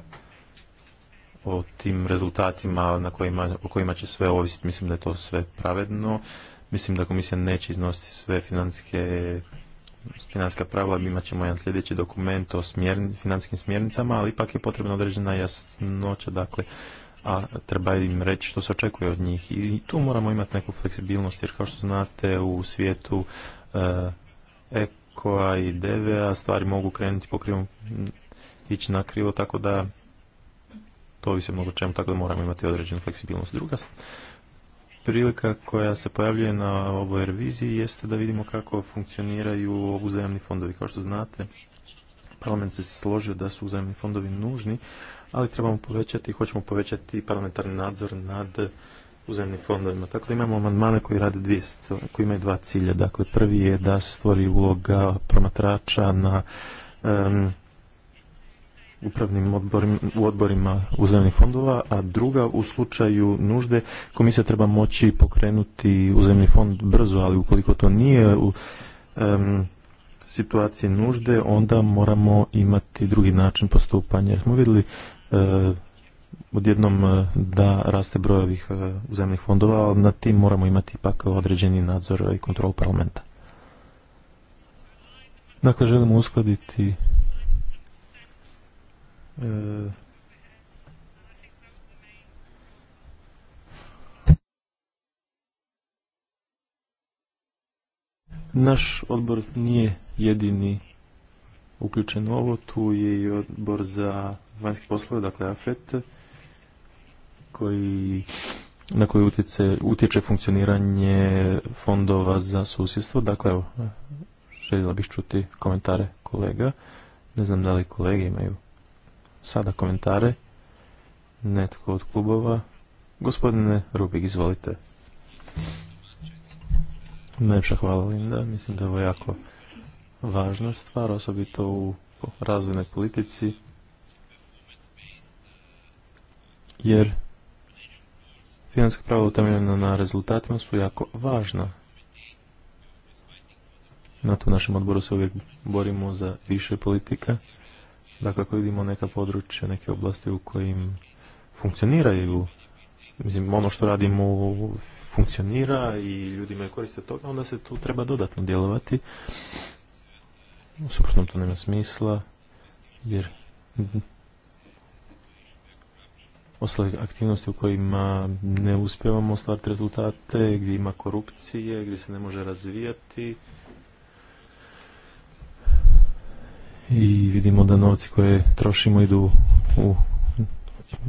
o tim rezultatima na kojima, o kojima će sve ovisiti. Mislim da je to sve pravedno. Mislim da komisija neće iznositi sve financijske financijska pravila, imat ćemo jedan sljedeći dokument o financijskim smjernicama, ali ipak je potrebna određena jasnoća, dakle, a treba im reći što se očekuje od njih. I tu moramo imati neku fleksibilnost, jer kao što znate u svijetu eko eh, i i DV-a stvari mogu krenuti po krivom, ići na krivo, tako da to ovisi mnogo čemu, tako da moramo imati određenu fleksibilnost. Druga prilika koja se pojavljuje na ovoj reviziji jeste da vidimo kako funkcioniraju uzajamni fondovi. Kao što znate, parlament se složio da su uzajamni fondovi nužni, ali trebamo povećati i hoćemo povećati parlamentarni nadzor nad uzemnim fondovima. Tako imamo amandmane koji rade dvije, koji imaju dva cilja. Dakle, prvi je da se stvori uloga promatrača na upravnim odborima, u odborima uzemnih fondova, a druga u slučaju nužde komisija treba moći pokrenuti uzemni fond brzo, ali ukoliko to nije u situaciji nužde, onda moramo imati drugi način postupanja. Jer smo vidjeli Eh, odjednom eh, da raste broj ovih eh, uzemnih fondova, ali nad tim moramo imati ipak određeni nadzor i kontrol parlamenta. Dakle, želimo uskladiti Naš odbor nije jedini uključen u ovo, tu je i odbor za vanjski poslova dakle AFET, koji, na koji utječe, utječe funkcioniranje fondova za susjedstvo. Dakle, evo, željela bih čuti komentare kolega. Ne znam da li kolege imaju sada komentare. Netko od klubova. Gospodine Rubik, izvolite. Najpša hvala Linda, mislim da je ovo jako važna stvar, osobito u razvojnoj politici jer financijska pravila utemeljena na rezultatima su jako važna. Na to našem odboru se uvijek borimo za više politika. Dakle, ako vidimo neka područja, neke oblasti u kojim funkcioniraju, mislim, ono što radimo funkcionira i ljudima je koriste toga, onda se tu treba dodatno djelovati. U suprotnom to nema smisla, jer aktivnosti u kojima ne uspjevamo ostvariti rezultate, gdje ima korupcije, gdje se ne može razvijati. I vidimo da novci koje trošimo idu u,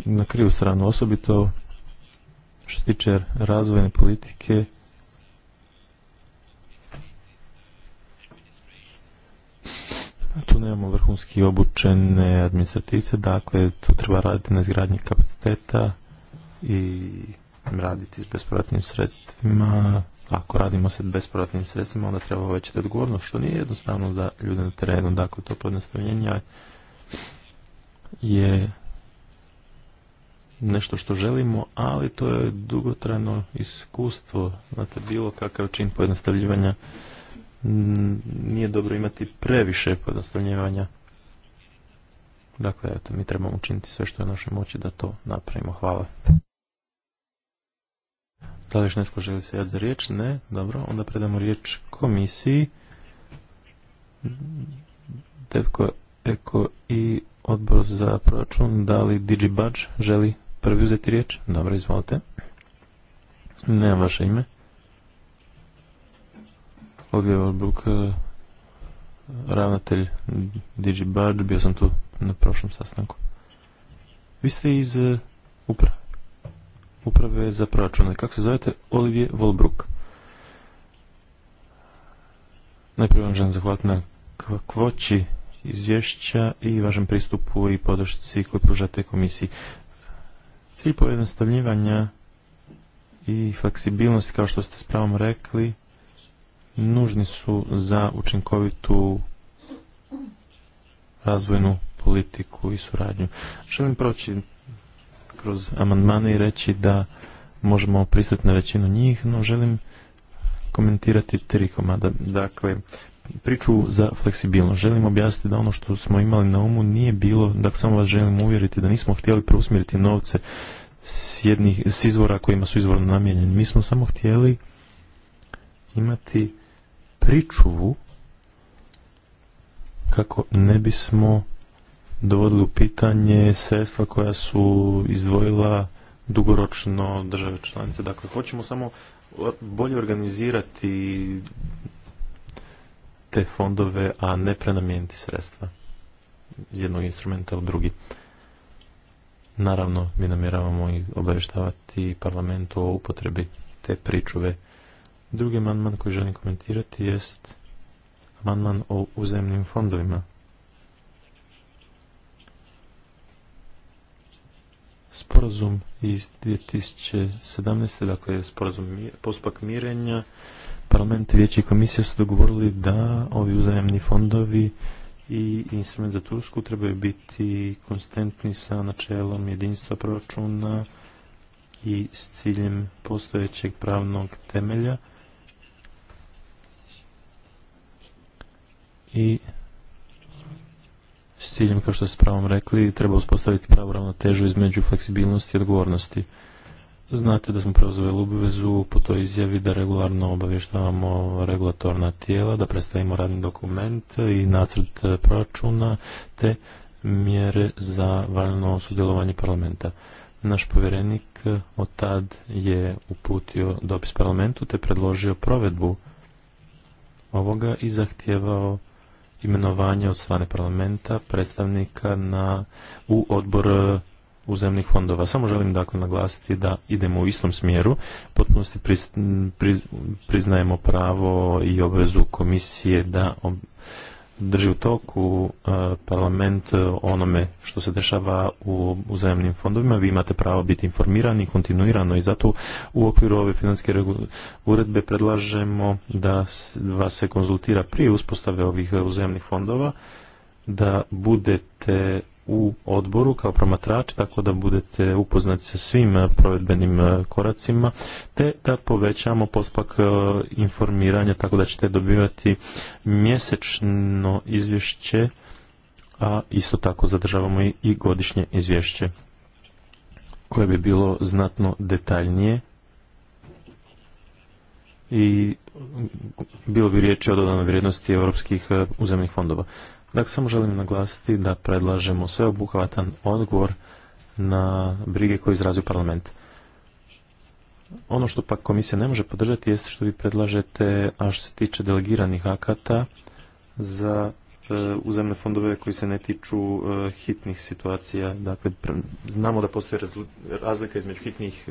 na krivu stranu, osobito što se tiče razvojne politike. Tu nemamo vrhunski obučene administrativce, dakle tu treba raditi na izgradnji kapaciteta i raditi s bespovratnim sredstvima. Ako radimo se bespovratnim sredstvima, onda treba većati odgovornost, što nije jednostavno za ljude na terenu. Dakle, to pojednostavljenje je nešto što želimo, ali to je dugotrajno iskustvo. Znate, bilo kakav čin pojednostavljivanja nije dobro imati previše podastavljivanja. Dakle, eto, mi trebamo učiniti sve što je našoj moći da to napravimo. Hvala. Da li još netko želi se javiti za riječ? Ne. Dobro, onda predamo riječ komisiji. Devko, Eko i odbor za proračun. Da li Digi želi prvi uzeti riječ? Dobro, izvolite. Ne, vaše ime. Olga Valbruk, e, ravnatelj Digi Bard, bio sam tu na prošlom sastanku. Vi ste iz e, uprave, uprave za proračune. Kako se zovete? Olivije Volbruk. Najprije vam želim zahvatiti na kakvoći izvješća i vašem pristupu i podršci koju pružate komisiji. Cilj pojednostavljivanja i fleksibilnosti, kao što ste s pravom rekli, nužni su za učinkovitu razvojnu politiku i suradnju. Želim proći kroz amandmane i reći da možemo pristati na većinu njih, no želim komentirati tri komada. Dakle, priču za fleksibilnost. Želim objasniti da ono što smo imali na umu nije bilo, dakle samo vas želim uvjeriti da nismo htjeli preusmjeriti novce s, jednih, s izvora kojima su izvorno namijenjeni. Mi smo samo htjeli imati pričuvu kako ne bismo dovodili u pitanje sredstva koja su izdvojila dugoročno države članice. Dakle, hoćemo samo bolje organizirati te fondove, a ne prenamijeniti sredstva iz jednog instrumenta u drugi. Naravno, mi namjeravamo i obavještavati parlamentu o upotrebi te pričuve Drugi amandman koji želim komentirati jest amandman o uzemnim fondovima. Sporazum iz 2017. dakle sporazum postupak mirenja parlament, vijeće i komisija su dogovorili da ovi uzajemni fondovi i instrument za Tursku trebaju biti konstantni sa načelom jedinstva proračuna i s ciljem postojećeg pravnog temelja i s ciljem, kao što ste pravom rekli, treba uspostaviti pravu ravnotežu između fleksibilnosti i odgovornosti. Znate da smo preuzeli obvezu po toj izjavi da regularno obavještavamo regulatorna tijela, da predstavimo radni dokument i nacrt e, proračuna te mjere za valjno sudjelovanje parlamenta. Naš povjerenik e, od tad je uputio dopis parlamentu te predložio provedbu ovoga i zahtijevao imenovanje od strane parlamenta predstavnika na, u odbor e, uzemnih fondova. Samo želim dakle naglasiti da idemo u istom smjeru, potpunosti priznajemo pravo i obvezu komisije da drži u toku uh, parlament uh, onome što se dešava u uzajemnim fondovima. Vi imate pravo biti informirani kontinuirano i zato u okviru ove financijske uredbe predlažemo da vas se konzultira prije uspostave ovih uzajemnih uh, fondova, da budete u odboru kao promatrač, tako da budete upoznati sa svim e, provedbenim e, koracima, te da povećamo pospak e, informiranja, tako da ćete dobivati mjesečno izvješće, a isto tako zadržavamo i godišnje izvješće koje bi bilo znatno detaljnije i bilo bi riječ o dodanoj vrijednosti europskih uzemnih fondova. Dakle, samo želim naglasiti da predlažemo sveobuhvatan odgovor na brige koje izrazio parlament. Ono što pak komisija ne može podržati jeste što vi predlažete, a što se tiče delegiranih akata za e, uzemne fondove koji se ne tiču e, hitnih situacija. Dakle, znamo da postoji razlika između hitnih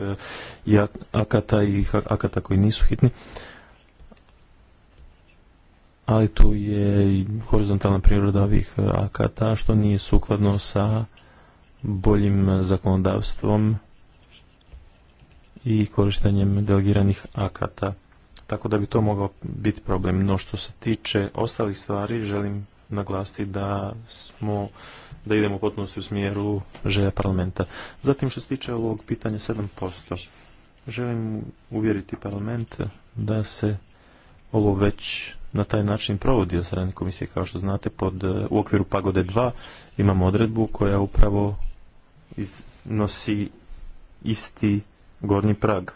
e, akata i akata koji nisu hitni ali tu je horizontalna priroda ovih e, akata što nije sukladno sa boljim zakonodavstvom i korištenjem delegiranih akata. Tako da bi to mogao biti problem. No što se tiče ostalih stvari, želim naglasiti da smo da idemo potpunosti u smjeru želja parlamenta. Zatim što se tiče ovog pitanja 7%, želim uvjeriti parlament da se ovo već na taj način provodi od strane komisije. Kao što znate, pod, e, u okviru pagode 2 imamo odredbu koja upravo nosi isti gornji prag.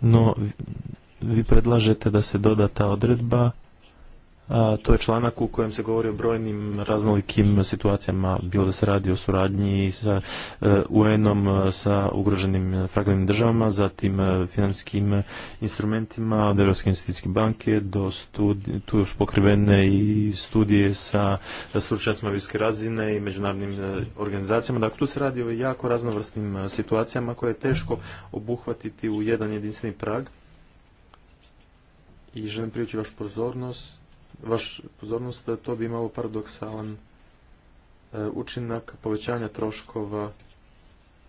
No, vi predlažete da se doda ta odredba to je članak u kojem se govori o brojnim raznolikim situacijama, bilo da se radi o suradnji sa e, UN-om, e, sa ugroženim fragilnim državama, zatim e, financijskim instrumentima od Europske investicijske banke, do studi, tu su pokrivene i studije sa stručnjacima visoke razine i međunarodnim organizacijama. Dakle, tu se radi o jako raznovrsnim situacijama koje je teško obuhvatiti u jedan jedinstveni prag. I želim privući vašu pozornost vašu pozornost, to bi imalo paradoksalan e, učinak povećanja troškova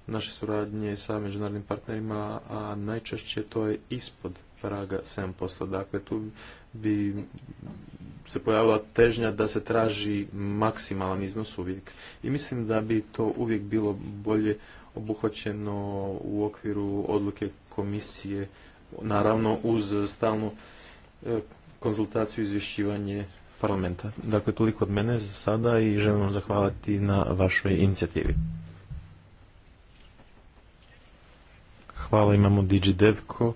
naše suradnje sa međunarodnim partnerima, a najčešće to je ispod praga 7%. Dakle, tu bi se pojavila težnja da se traži maksimalan iznos uvijek. I mislim da bi to uvijek bilo bolje obuhvaćeno u okviru odluke komisije, naravno uz stalnu e, konzultaciju i izvješćivanje parlamenta. Dakle, toliko od mene za sada i želim vam zahvaliti na vašoj inicijativi. Hvala, imamo DigiDevko.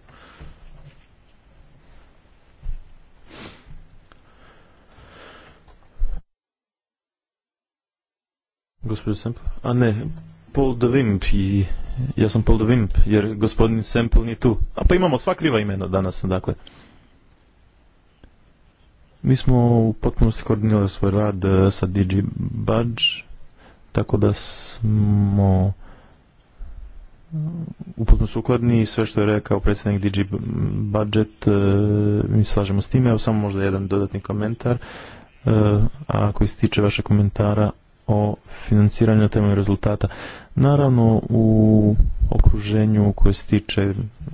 Gospodin Sempel? a ne, Paul de i ja sam Paul de jer gospodin Semple nije tu. A pa imamo sva kriva imena danas, dakle. Mi smo u potpunosti koordinirali svoj rad e, sa Digibudge tako da smo mm, uputno sukladni i sve što je rekao predsjednik DG Budget, e, mi slažemo s time, evo samo možda jedan dodatni komentar, e, a koji se tiče komentara o financiranju na temelju rezultata. Naravno, u okruženju koje se tiče,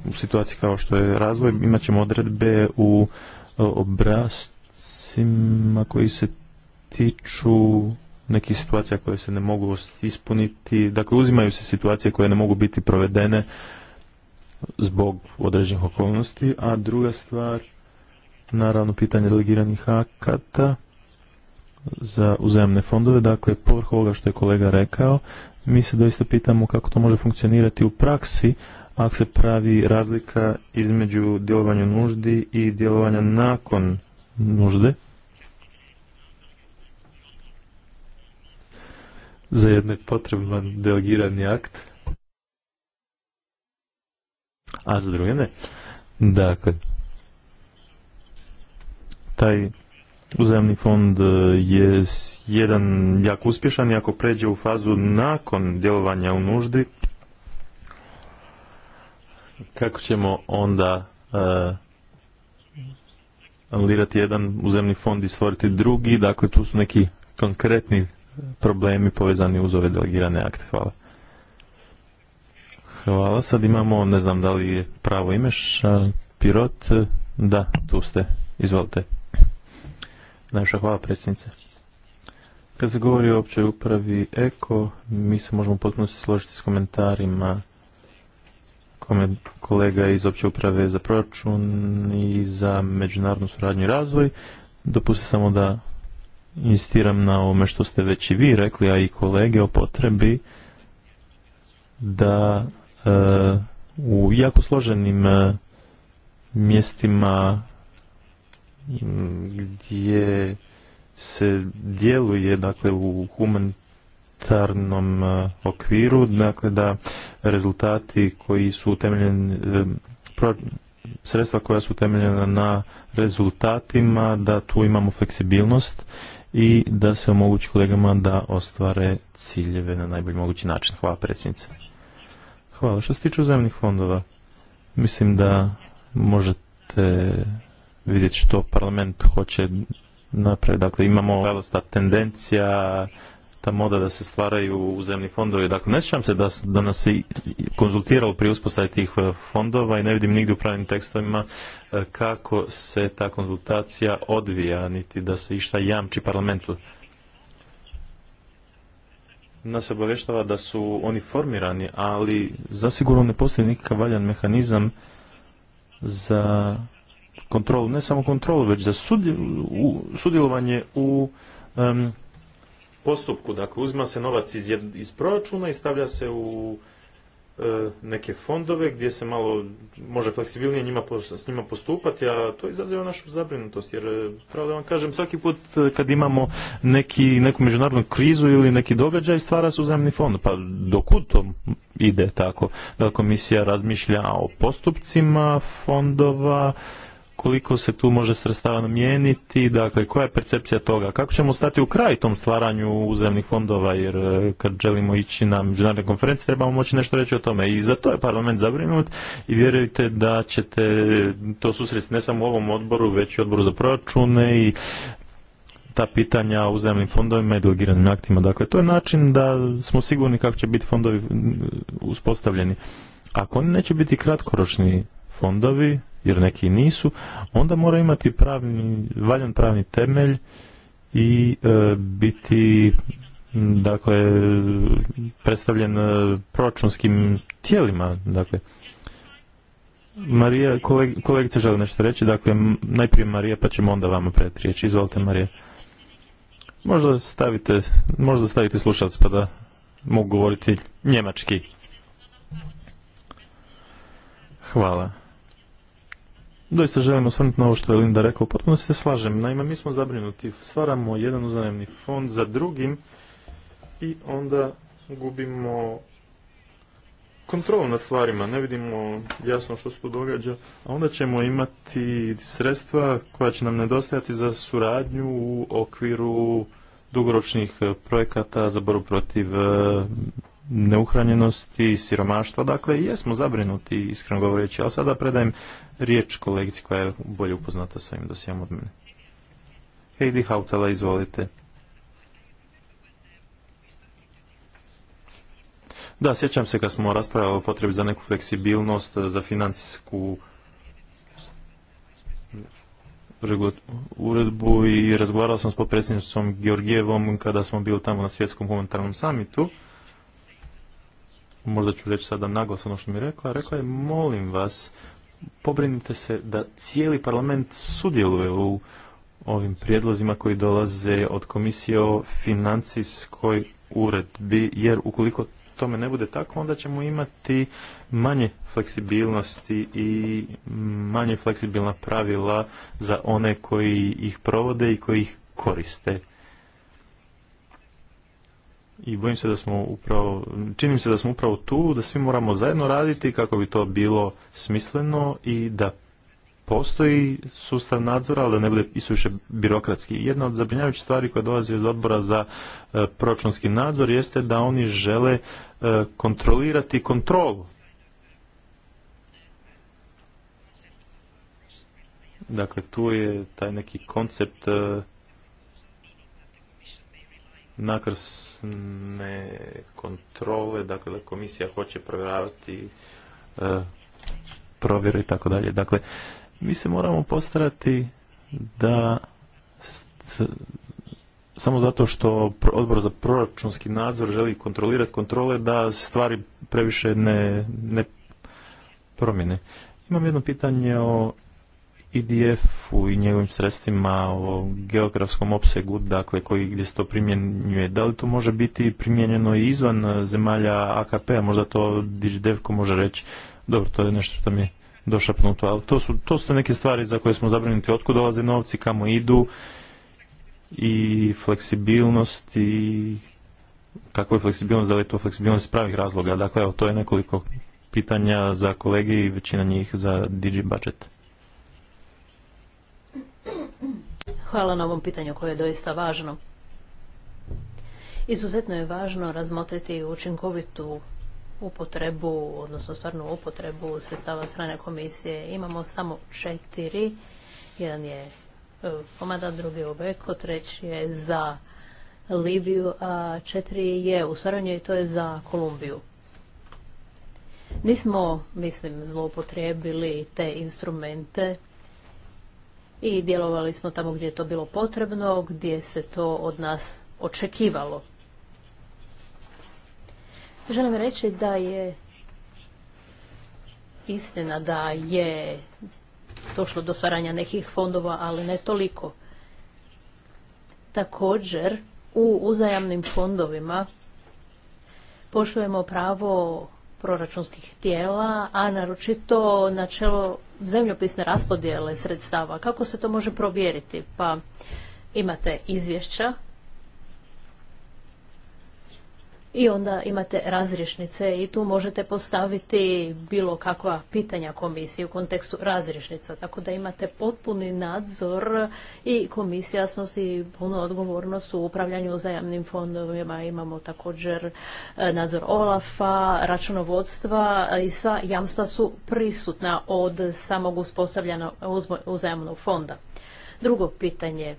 u situaciji kao što je razvoj, imat ćemo odredbe u obrast propisima koji se tiču nekih situacija koje se ne mogu ispuniti. Dakle, uzimaju se situacije koje ne mogu biti provedene zbog određenih okolnosti, a druga stvar, naravno, pitanje delegiranih akata za uzemne fondove. Dakle, povrh ovoga što je kolega rekao, mi se doista pitamo kako to može funkcionirati u praksi, ako se pravi razlika između djelovanja nuždi i djelovanja nakon nužde. za jedno potreban delegirani akt, a za druge ne. Dakle, taj uzemni fond e, je jedan jako uspješan i ako pređe u fazu nakon djelovanja u nuždi, kako ćemo onda uh, anulirati jedan uzemni fond i stvoriti drugi, dakle tu su neki konkretni problemi povezani uz ove delegirane akte. Hvala. Hvala. Sad imamo, ne znam da li je pravo ime, Pirot. Da, tu ste. Izvolite. Najviše hvala predsjednice. Kad se govori o općoj upravi Eko, mi se možemo potpuno složiti s komentarima kolega iz opće uprave za proračun i za međunarodnu suradnju i razvoj. Dopustite samo da Insistiram na ovome što ste već i vi rekli, a i kolege o potrebi da e, u jako složenim e, mjestima gdje se djeluje dakle u humanitarnom e, okviru, dakle da rezultati koji su utemeljeni sredstva koja su utemeljena na rezultatima, da tu imamo fleksibilnost i da se omogući kolegama da ostvare ciljeve na najbolji mogući način. Hvala predsjednice. Hvala. Što se tiče uzemnih fondova, mislim da možete vidjeti što parlament hoće napraviti. Dakle, imamo velostat tendencija, ta moda da se stvaraju zemni fondovi. Dakle, ne sjećam se da, da nas se konzultiralo pri uspostavi tih e, fondova i ne vidim nigdje u pravnim tekstovima e, kako se ta konzultacija odvija, niti da se išta jamči parlamentu. Nas obavještava da su oni formirani, ali zasigurno ne postoji nikakav valjan mehanizam za kontrolu, ne samo kontrolu, već za sudjelovanje u postupku. Dakle, uzima se novac iz, iz proračuna i stavlja se u e, neke fondove gdje se malo može fleksibilnije njima, s njima postupati, a to izaziva našu zabrinutost, jer e, pravo da vam kažem, svaki put e, kad imamo neki, neku međunarodnu krizu ili neki događaj, stvara se uzemni fond. Pa dokud to ide tako? Da komisija razmišlja o postupcima fondova, koliko se tu može sredstava namijeniti, dakle koja je percepcija toga, kako ćemo stati u kraj tom stvaranju uzemnih fondova, jer e, kad želimo ići na međunarodne konferencije trebamo moći nešto reći o tome i za to je parlament zabrinut i vjerujte da ćete to susresti ne samo u ovom odboru, već i odboru za proračune i ta pitanja o uzemnim fondovima i delegiranim aktima. Dakle, to je način da smo sigurni kako će biti fondovi uspostavljeni. Ako oni neće biti kratkoročni fondovi, jer neki nisu, onda mora imati pravni, valjan pravni temelj i e, biti dakle predstavljen e, proračunskim tijelima dakle Marija, koleg, kolegice žele nešto reći, dakle najprije Marija pa ćemo onda vama predati riječ. Izvolite Marija. Možda stavite, možda stavite slušalac pa da mogu govoriti njemački. Hvala doista želim osvrnuti na ovo što je Linda rekla. Potpuno se slažem. Naime, mi smo zabrinuti. Stvaramo jedan uzajemni fond za drugim i onda gubimo kontrolu nad stvarima. Ne vidimo jasno što se tu događa. A onda ćemo imati sredstva koja će nam nedostajati za suradnju u okviru dugoročnih e, projekata za boru protiv e, neuhranjenosti, siromaštva. Dakle, jesmo zabrinuti, iskreno govoreći, ali sada predajem riječ kolegici koja je bolje upoznata s ovim dosijem od mene. Heidi Hautala, izvolite. Da, sjećam se kad smo raspravljali o potrebi za neku fleksibilnost, za financijsku uredbu i razgovarao sam s potpredsjednicom Georgijevom kada smo bili tamo na svjetskom humanitarnom samitu. Možda ću reći sada naglas ono što mi je rekla. Rekla je, molim vas, pobrinite se da cijeli parlament sudjeluje u ovim prijedlozima koji dolaze od komisije o financijskoj uredbi, jer ukoliko tome ne bude tako, onda ćemo imati manje fleksibilnosti i manje fleksibilna pravila za one koji ih provode i koji ih koriste i bojim se da smo upravo, činim se da smo upravo tu, da svi moramo zajedno raditi kako bi to bilo smisleno i da postoji sustav nadzora, ali da ne bude isuše birokratski. Jedna od zabrinjavajućih stvari koja dolazi od odbora za e, proračunski nadzor jeste da oni žele e, kontrolirati kontrolu. Dakle, tu je taj neki koncept e, nakrsne kontrole, dakle komisija hoće provjeravati e, i tako dalje. Dakle, mi se moramo postarati da samo zato što odbor za proračunski nadzor želi kontrolirati kontrole da stvari previše ne, ne promjene. Imam jedno pitanje o IDF-u e i njegovim sredstvima o geografskom opsegu, dakle koji gdje se to primjenjuje, da li to može biti primijenjeno i izvan e, zemalja AKP-a, možda to DigiDevko može reći, dobro, to je nešto što mi je došapnuto, ali to su, to su neke stvari za koje smo zabrinuti, otkud dolaze novci, kamo idu i fleksibilnost i kakva je fleksibilnost, da li je to fleksibilnost pravih razloga, dakle evo, to je nekoliko pitanja za kolege i većina njih za DigiBudget. Hvala na ovom pitanju koje je doista važno. Izuzetno je važno razmotriti učinkovitu upotrebu, odnosno stvarnu upotrebu sredstava strane komisije. Imamo samo četiri. Jedan je e, komada, drugi je Obeko, treći je za Libiju, a četiri je u stvaranju i to je za Kolumbiju. Nismo, mislim, zloupotrijebili te instrumente i djelovali smo tamo gdje je to bilo potrebno, gdje se to od nas očekivalo. Želim reći da je istina da je došlo do stvaranja nekih fondova, ali ne toliko. Također, u uzajamnim fondovima poštujemo pravo proračunskih tijela, a naročito načelo zemljopisne raspodjele sredstava. Kako se to može provjeriti? Pa imate izvješća i onda imate razrišnice i tu možete postaviti bilo kakva pitanja komisiji u kontekstu razrišnica, tako da imate potpuni nadzor i komisija snosi punu odgovornost u upravljanju uzajamnim fondovima, imamo također e, nadzor OLAF-a, računovodstva i sva jamstva su prisutna od samog uspostavljanja uzajamnog fonda. Drugo pitanje,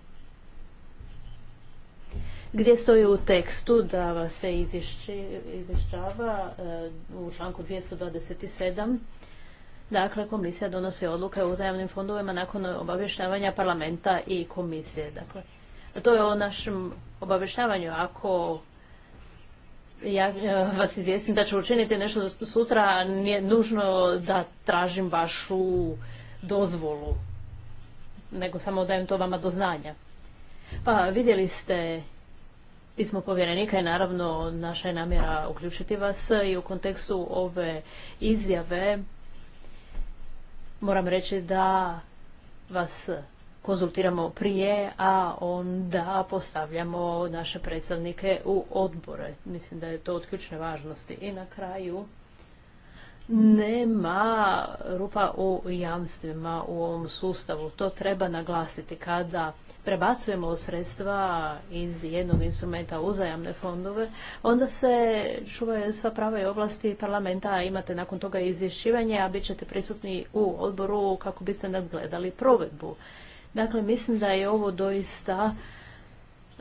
gdje stoji u tekstu da vas se izvješćava e, u članku 227 Dakle, komisija donosi odluke o uzajamnim fondovima nakon obavještavanja parlamenta i komisije. Dakle, to je o našem obavještavanju. Ako ja e, vas izvijestim da ću učiniti nešto sutra, nije nužno da tražim vašu dozvolu, nego samo dajem to vama do znanja. Pa vidjeli ste pismo povjerenika je naravno naša je namjera uključiti vas i u kontekstu ove izjave moram reći da vas konzultiramo prije, a onda postavljamo naše predstavnike u odbore. Mislim da je to od ključne važnosti. I na kraju nema rupa u jamstvima u ovom sustavu. To treba naglasiti kada prebacujemo sredstva iz jednog instrumenta uzajamne fondove, onda se čuvaju sva prava i oblasti parlamenta, imate nakon toga izvješćivanje, a bit ćete prisutni u odboru kako biste nadgledali provedbu. Dakle, mislim da je ovo doista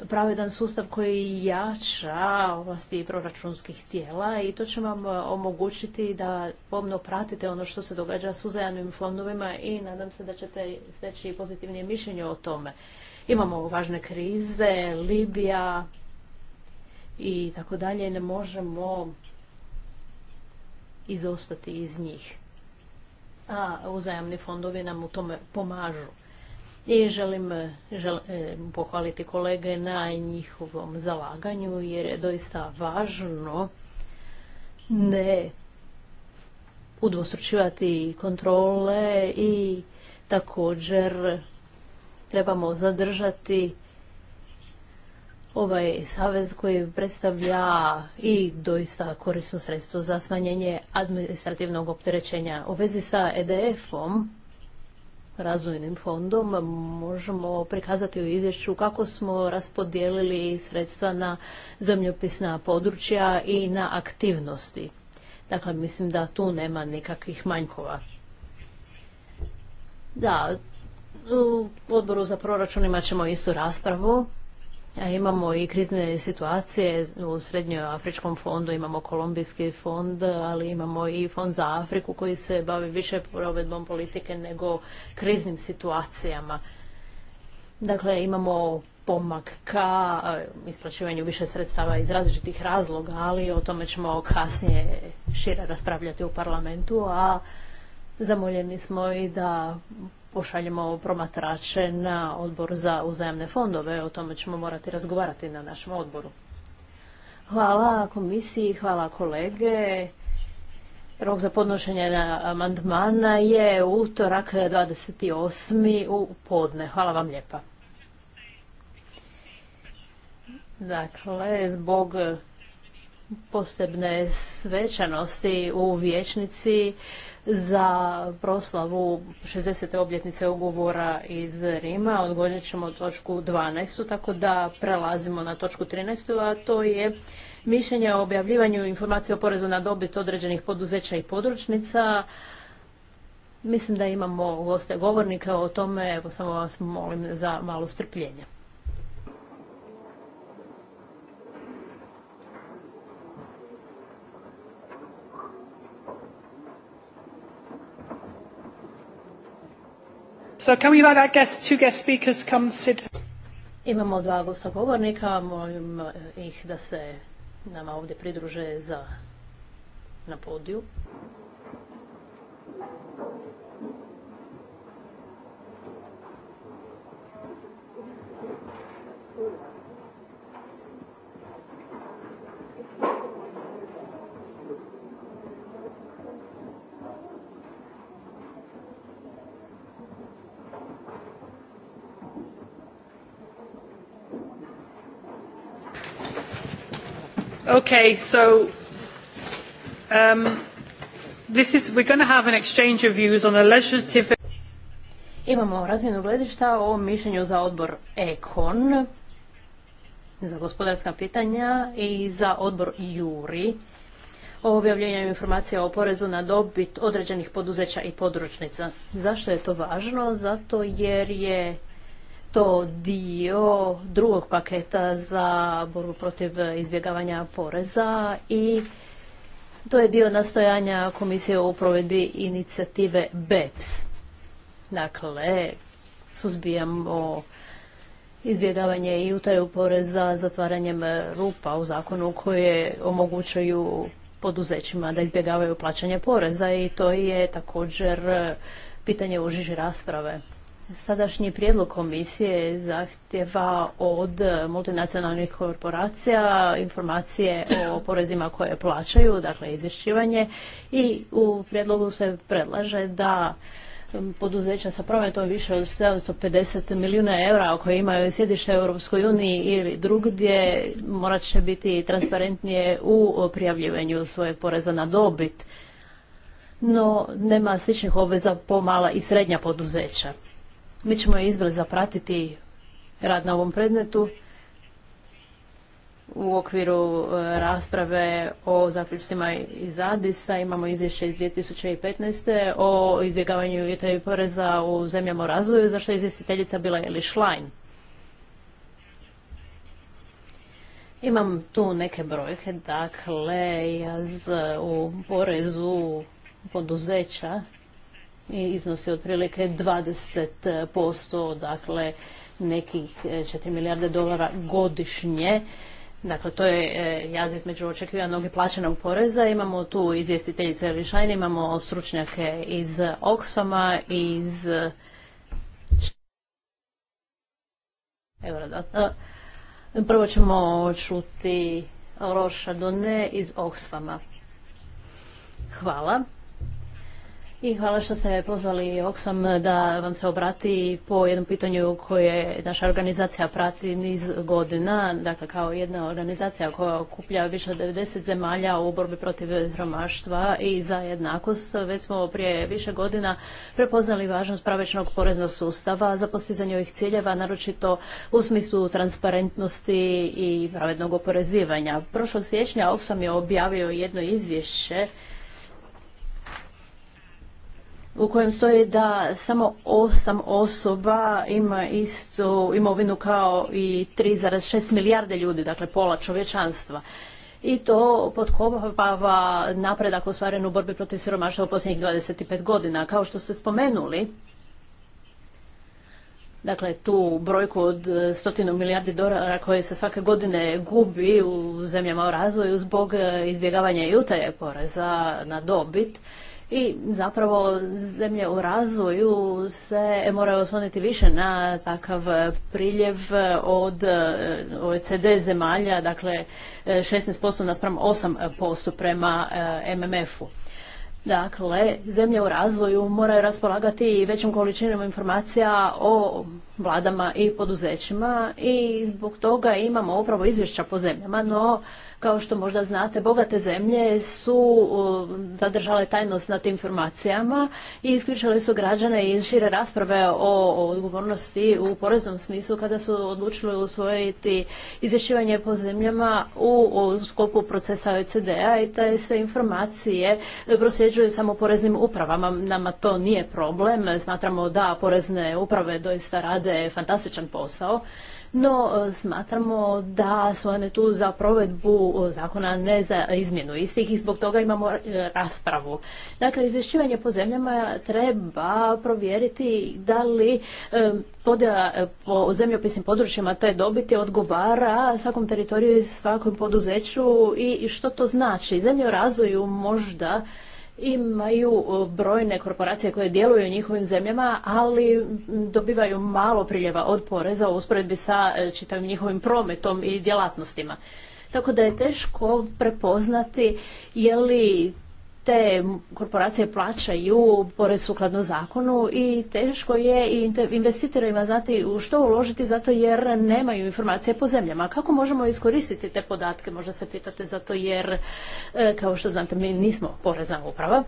pravedan sustav koji jača ovlasti proračunskih tijela i to će vam e, omogućiti da pomno pratite ono što se događa s uzajamnim fondovima i nadam se da ćete steći pozitivnije mišljenje o tome. Imamo važne krize, Libija i tako dalje, ne možemo izostati iz njih. A uzajamni fondovi nam u tome pomažu. I želim, e, pohvaliti kolege na njihovom zalaganju jer je doista važno ne udvostručivati kontrole i također trebamo zadržati ovaj savez koji predstavlja i doista korisno sredstvo za smanjenje administrativnog opterećenja. U vezi sa EDF-om razvojnim fondom možemo prikazati u izvješću kako smo raspodijelili sredstva na zemljopisna područja i na aktivnosti. Dakle, mislim da tu nema nikakvih manjkova. Da, u odboru za proračun imat ćemo istu raspravu. Imamo i krizne situacije u Srednjoafričkom fondu, imamo Kolumbijski fond, ali imamo i fond za Afriku koji se bavi više provedbom politike nego kriznim situacijama. Dakle, imamo pomak ka eh, isplaćivanju više sredstava iz različitih razloga, ali o tome ćemo kasnije šire raspravljati u parlamentu, a zamoljeni smo i da pošaljemo promatrače na odbor za uzajemne fondove. O tome ćemo morati razgovarati na našem odboru. Hvala komisiji, hvala kolege. Rok za podnošenje amandmana je utorak 28. u podne. Hvala vam lijepa. Dakle, zbog posebne svečanosti u vječnici za proslavu 60. obljetnice ugovora iz Rima. Odgođit ćemo točku 12. tako da prelazimo na točku 13. a to je mišljenje o objavljivanju informacija o porezu na dobit određenih poduzeća i područnica. Mislim da imamo goste govornika o tome, evo samo vas molim za malo strpljenja. Imamo dva gostogovornika, molim eh, ih da se nama ovdje pridruže za, na podiju. Okay, so um, this is, we're going to have an exchange of views on legislative... Imamo razmjenu gledišta o mišljenju za odbor Econ za gospodarska pitanja i za odbor JURI o objavljenju informacija o porezu na dobit određenih poduzeća i područnica. Zašto je to važno? Zato jer je to dio drugog paketa za borbu protiv izbjegavanja poreza i to je dio nastojanja Komisije o provedbi inicijative BEPS. Dakle, suzbijamo izbjegavanje i utaju poreza zatvaranjem rupa u zakonu koje omogućuju poduzećima da izbjegavaju plaćanje poreza i to je također pitanje u rasprave. Sadašnji prijedlog komisije zahtjeva od multinacionalnih korporacija informacije o porezima koje plaćaju, dakle izvješćivanje i u prijedlogu se predlaže da poduzeća sa prometom više od 750 milijuna eura koje imaju sjedište u Europskoj uniji ili drugdje morat će biti transparentnije u prijavljivanju svojeg poreza na dobit, no nema sličnih obveza po mala i srednja poduzeća. Mi ćemo izbili zapratiti rad na ovom predmetu u okviru e, rasprave o zaključcima iz Adisa imamo izvješće iz 2015. o izbjegavanju i poreza u zemljama u razvoju, zašto je izvjestiteljica bila Eli Schlein. Imam tu neke brojke, dakle, u porezu poduzeća iznosi otprilike 20%, dakle nekih 4 e, milijarde dolara godišnje. Dakle, to je e, jaz između očekivanog i plaćenog poreza. Imamo tu izvjestiteljice Elišajn, imamo stručnjake iz Oxfama, iz da. E, prvo ćemo čuti Roša Done iz Oxfama. Hvala. I hvala što ste pozvali Oxfam da vam se obrati po jednom pitanju koje naša organizacija prati niz godina. Dakle, kao jedna organizacija koja okuplja više od 90 zemalja u borbi protiv siromaštva i za jednakost. Već smo prije više godina prepoznali važnost pravičnog poreznog sustava za postizanje ovih ciljeva, naročito u smislu transparentnosti i pravednog oporezivanja. Prošlog siječnja Oxfam je objavio jedno izvješće u kojem stoji da samo osam osoba ima istu imovinu kao i 3,6 milijarde ljudi, dakle pola čovječanstva. I to potkopava napredak ostvaren u borbi protiv siromaštva u posljednjih 25 godina. Kao što ste spomenuli, dakle tu brojku od stotinu milijardi dolara koje se svake godine gubi u zemljama u razvoju zbog izbjegavanja i utaje poreza na dobit i zapravo zemlje u razvoju se moraju osloniti više na takav priljev od e, OECD zemalja, dakle 16% e, naspram 8% prema e, MMF-u. Dakle, zemlje u razvoju moraju raspolagati većom količinom informacija o vladama i poduzećima i zbog toga imamo upravo izvješća po zemljama, no kao što možda znate, bogate zemlje su zadržale tajnost nad informacijama i isključile su građane iz šire rasprave o odgovornosti u poreznom smislu kada su odlučili usvojiti izvješćivanje po zemljama u skopu procesa OECD-a i te se informacije prosjeđuju samo poreznim upravama. Nama to nije problem. Smatramo da porezne uprave doista rade fantastičan posao no e, smatramo da su one tu za provedbu e, zakona, ne za izmjenu istih i zbog toga imamo e, raspravu. Dakle, izvješćivanje po zemljama treba provjeriti da li podjela po zemljopisnim područjima te dobiti odgovara svakom teritoriju i svakom poduzeću i što to znači. Zemlje u razvoju možda imaju e, brojne korporacije koje djeluju u njihovim zemljama, ali dobivaju malo priljeva od poreza u usporedbi sa e, čitavim njihovim prometom i djelatnostima. Tako da je teško prepoznati je li te korporacije plaćaju porez sukladno zakonu i teško je i investitorima znati u što uložiti zato jer nemaju informacije po zemljama. Kako možemo iskoristiti te podatke, možda se pitate, zato jer, e, kao što znate, mi nismo porezna uprava.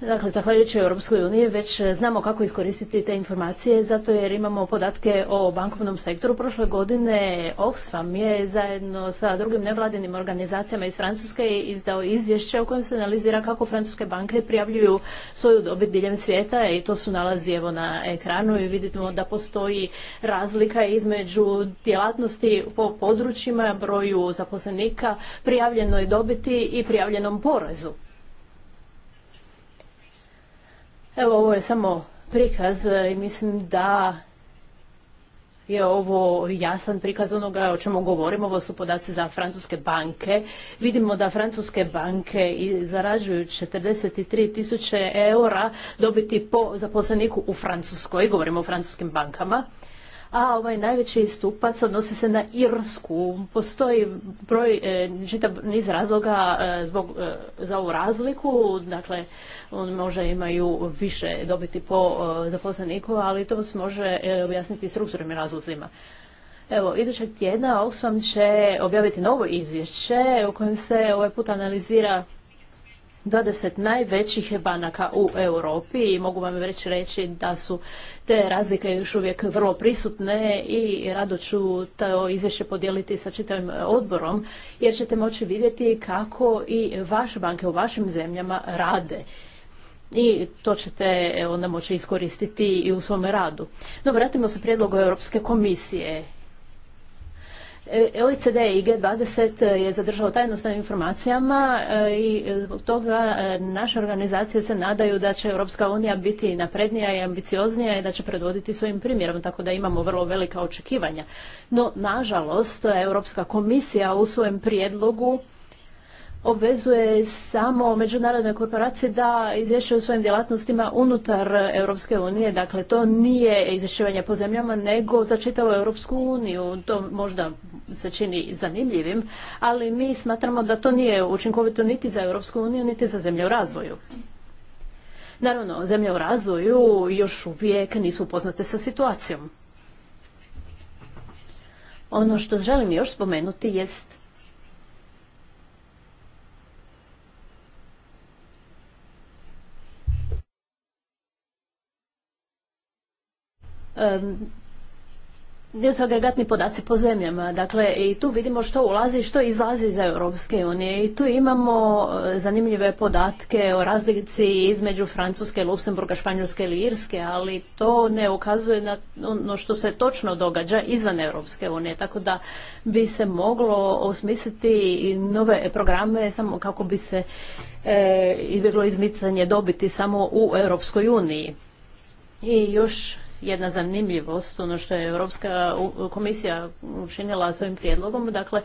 Dakle, zahvaljujući Europskoj uniji već znamo kako iskoristiti te informacije, zato jer imamo podatke o bankovnom sektoru. Prošle godine Oxfam je zajedno sa drugim nevladinim organizacijama iz Francuske izdao izvješće u kojem se analizira kako francuske banke prijavljuju svoju dobit diljem svijeta i to su nalazi evo na ekranu i vidimo da postoji razlika između djelatnosti po područjima, broju zaposlenika, prijavljenoj dobiti i prijavljenom porezu. Evo ovo je samo prikaz i mislim da je ovo jasan prikaz onoga o čemu govorimo. Ovo su podaci za francuske banke. Vidimo da francuske banke zarađuju 43 tisuće eura dobiti po zaposleniku u Francuskoj. Govorimo o francuskim bankama a ovaj najveći stupac odnosi se na Irsku. Postoji broj, e, čitav niz razloga e, zbog, e, za ovu razliku, dakle možda imaju više dobiti po zaposleniku, ali to se može objasniti strukturnim razlozima. Evo, idućeg tjedna Oxfam će objaviti novo izvješće u kojem se ovaj put analizira 20 najvećih banaka u Europi i mogu vam već reći da su te razlike još uvijek vrlo prisutne i rado ću to izvješće podijeliti sa čitavim odborom jer ćete moći vidjeti kako i vaše banke u vašim zemljama rade i to ćete e, onda moći iskoristiti i u svom radu. No, vratimo se prijedlogu Europske komisije. E, OECD i G20 e, je zadržao tajnost na informacijama e, i zbog toga naše organizacije se nadaju da će Europska unija biti naprednija i ambicioznija i da će predvoditi svojim primjerom, tako da imamo vrlo velika očekivanja. No, nažalost, Europska komisija u svojem prijedlogu obvezuje samo međunarodne korporacije da izvješćuju svojim djelatnostima unutar Europske unije. Dakle, to nije izvješćivanje po zemljama, nego za čitavu Europsku uniju. To možda se čini zanimljivim, ali mi smatramo da to nije učinkovito niti za Europsku uniju, niti za zemlje u razvoju. Naravno, zemlje u razvoju još uvijek nisu upoznate sa situacijom. Ono što želim još spomenuti jest gdje su agregatni podaci po zemljama. Dakle, i tu vidimo što ulazi i što izlazi iz Europske unije. I tu imamo e, zanimljive podatke o razlici između Francuske, Luksemburga, Španjolske ili Irske, ali to ne ukazuje na ono što se točno događa izvan Europske unije. Tako da bi se moglo osmisliti nove programe samo kako bi se e, izbjeglo izmicanje dobiti samo u Europskoj uniji. I još jedna zanimljivost, ono što je Europska komisija učinila svojim prijedlogom. Dakle,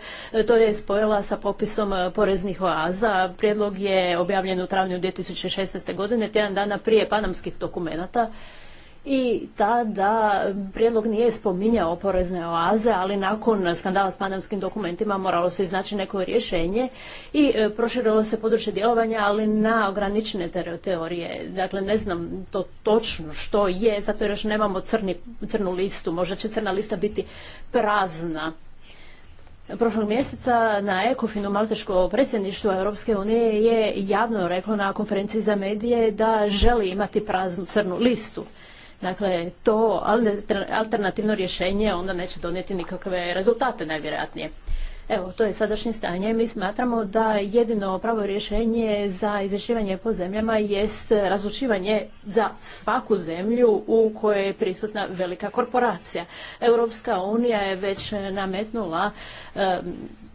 to je spojila sa popisom e, poreznih oaza. Prijedlog je objavljen u travnju 2016. godine, tjedan dana prije panamskih dokumenata i tada prijedlog nije spominjao porezne oaze, ali nakon skandala s panamskim dokumentima moralo se iznaći neko rješenje i e, proširilo se područje djelovanja, ali na ograničene teorije. Dakle, ne znam to točno što je, zato jer još nemamo crni, crnu listu. Možda će crna lista biti prazna. Prošlog mjeseca na Ekofinu Malteško predsjedništvo Europske unije je javno reklo na konferenciji za medije da želi imati praznu crnu listu. Dakle, to alternativno rješenje onda neće donijeti nikakve rezultate najvjerojatnije. Evo, to je sadašnje stanje. Mi smatramo da jedino pravo rješenje za izvješćivanje po zemljama jest razlučivanje za svaku zemlju u kojoj je prisutna velika korporacija. Europska unija je već nametnula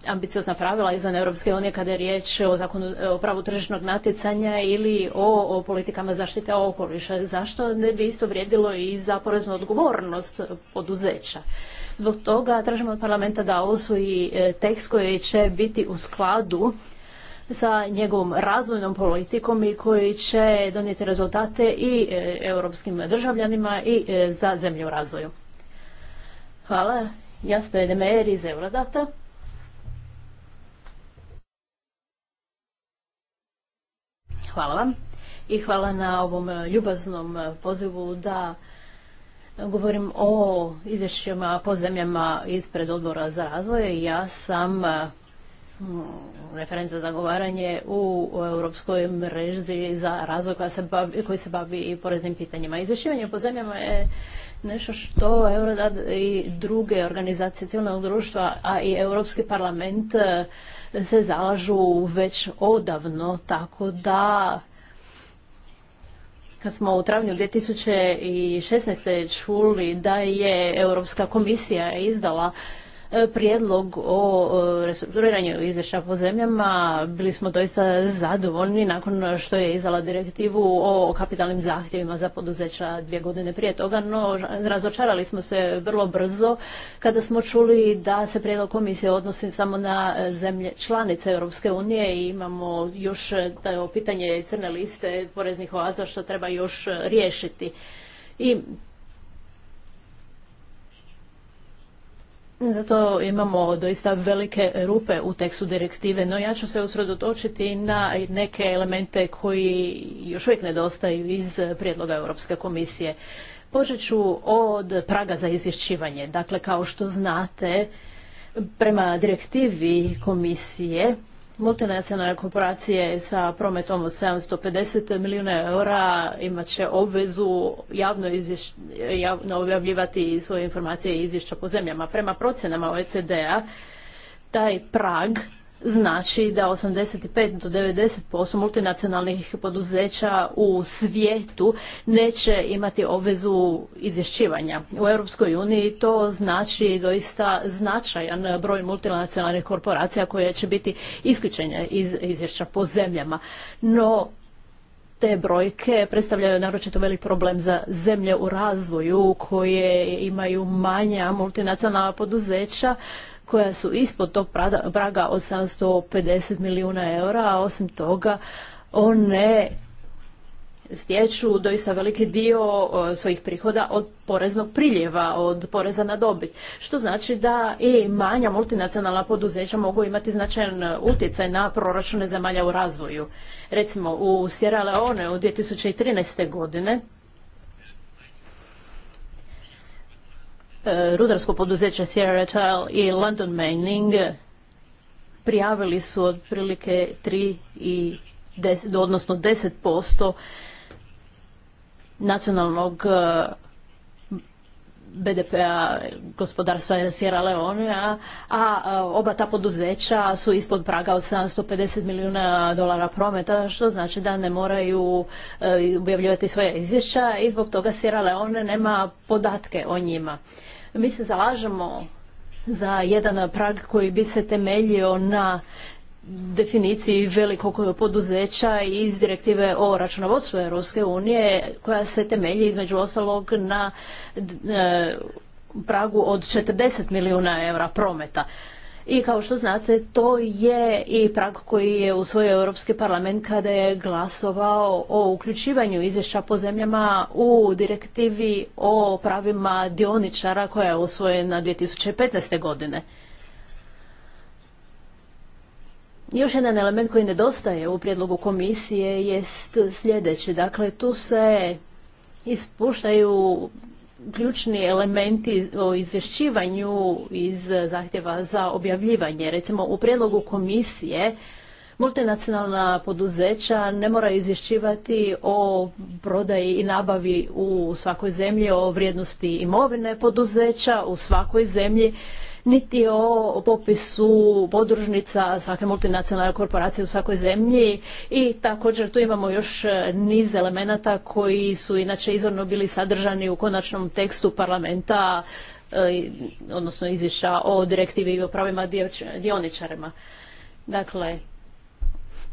ambiciozna pravila izvan Europske unije kada je riječ o zakonu o pravu tržišnog natjecanja ili o, politikama zaštite okoliša. Zašto ne bi isto vrijedilo i za poreznu odgovornost poduzeća? Zbog toga tražimo od parlamenta da osvoji e, tekst koji će biti u skladu sa njegovom razvojnom politikom i koji će donijeti rezultate i e, europskim državljanima i e, za zemlju u razvoju. Hvala. Jasper Demer iz Eurodata. Hvala vam i hvala na ovom e, ljubaznom e, pozivu da e, govorim o izvješćima po zemljama ispred odbora za razvoj. Ja sam Mm, referenca zagovaranje u europskoj mreži za razvoj koja se bavi, koji se bavi i poreznim pitanjima. Izvješćivanje po zemljama je nešto što Eurodad i druge organizacije civilnog društva, a i Europski parlament e, se zalažu već odavno, tako da kad smo u travnju 2016. čuli da je Europska komisija izdala E, prijedlog o e, restrukturiranju izvješća po zemljama bili smo doista zadovoljni nakon što je izdala direktivu o kapitalnim zahtjevima za poduzeća dvije godine prije toga, no razočarali smo se vrlo brzo kada smo čuli da se prijedlog komisije odnosi samo na zemlje članice Europske unije i imamo još to pitanje crne liste poreznih oaza što treba još riješiti. I Zato imamo doista velike rupe u tekstu direktive, no ja ću se usredotočiti na neke elemente koji još uvijek nedostaju iz prijedloga Europske komisije. Počet ću od praga za izvješćivanje. Dakle, kao što znate, prema direktivi komisije Multinacionalne korporacije sa prometom od 750 milijuna eura imat će obvezu javno, objavljivati svoje informacije i izvješća po zemljama. Prema procjenama OECD-a taj prag znači da 85 do 90% multinacionalnih poduzeća u svijetu neće imati obvezu izvješćivanja. U Europskoj uniji to znači doista značajan broj multinacionalnih korporacija koje će biti isključenje iz izvješća po zemljama. No, te brojke predstavljaju naročito velik problem za zemlje u razvoju koje imaju manja multinacionalna poduzeća koja su ispod tog praga od 750 milijuna eura, a osim toga one stječu doista veliki dio svojih prihoda od poreznog priljeva, od poreza na dobit. Što znači da i manja multinacionalna poduzeća mogu imati značajan utjecaj na proračune zemalja u razvoju. Recimo u Sierra Leone u 2013. godine E, rudarsko poduzeće Sierra Tal i London Mining prijavili su otprilike 3 i 10, odnosno 10% nacionalnog e, BDP-a gospodarstva Sierra Leone, a oba ta poduzeća su ispod praga od 750 milijuna dolara prometa, što znači da ne moraju e, objavljivati svoja izvješća i zbog toga Sierra Leone nema podatke o njima. Mi se zalažemo za jedan prag koji bi se temeljio na definiciji velikog poduzeća iz direktive o računovodstvu Europske unije koja se temelji između ostalog na e, pragu od 40 milijuna eura prometa. I kao što znate, to je i prag koji je usvojio Europski parlament kada je glasovao o uključivanju izvješća po zemljama u direktivi o pravima dioničara koja je usvojena 2015. godine. Još jedan element koji nedostaje u prijedlogu komisije jest sljedeći. Dakle, tu se ispuštaju ključni elementi o izvješćivanju iz zahtjeva za objavljivanje. Recimo, u prijedlogu komisije Multinacionalna poduzeća ne mora izvješćivati o prodaji i nabavi u svakoj zemlji, o vrijednosti imovine poduzeća u svakoj zemlji, niti o popisu podružnica svake multinacionalne korporacije u svakoj zemlji i također tu imamo još niz elemenata koji su inače izvorno bili sadržani u konačnom tekstu parlamenta e, odnosno izvješća o direktivi i o pravima dioničarima. Dakle,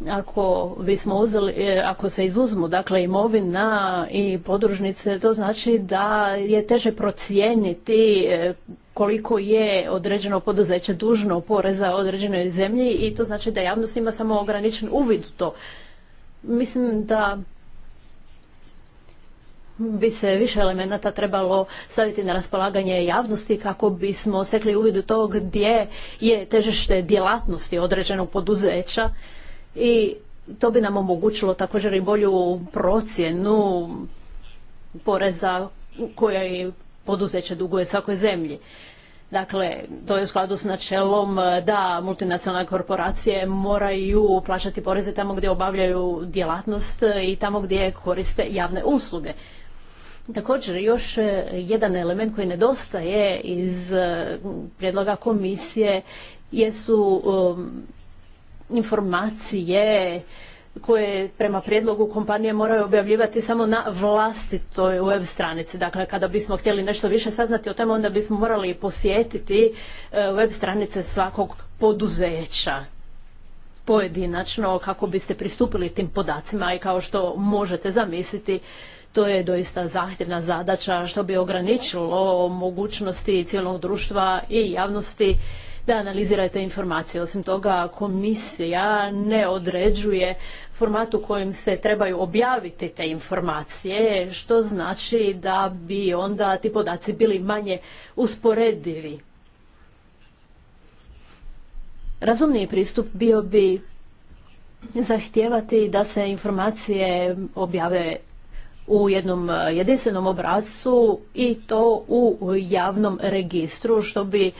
ako bismo uzeli, e, ako se izuzmu dakle imovina i podružnice, to znači da je teže procijeniti e, koliko je određeno poduzeće dužno poreza određenoj zemlji i to znači da javnost ima samo ograničen uvid u to. Mislim da bi se više elemenata trebalo staviti na raspolaganje javnosti kako bismo sekli uvid u to gdje je težište djelatnosti određenog poduzeća i to bi nam omogućilo također i bolju procjenu poreza koje poduzeće duguje svakoj zemlji. Dakle, to je u skladu s načelom da multinacionalne korporacije moraju plaćati poreze tamo gdje obavljaju djelatnost i tamo gdje koriste javne usluge. Također, još jedan element koji nedostaje iz prijedloga komisije jesu um, informacije koje prema prijedlogu kompanije moraju objavljivati samo na vlastitoj web stranici. Dakle, kada bismo htjeli nešto više saznati o tome, onda bismo morali posjetiti e, web stranice svakog poduzeća pojedinačno kako biste pristupili tim podacima i kao što možete zamisliti, to je doista zahtjevna zadaća što bi ograničilo mogućnosti cijelog društva i javnosti da analizirate informacije. Osim toga, komisija ne određuje format u kojem se trebaju objaviti te informacije, što znači da bi onda ti podaci bili manje usporedivi. Razumniji pristup bio bi zahtijevati da se informacije objave u jednom jedinstvenom obrazcu i to u javnom registru, što bi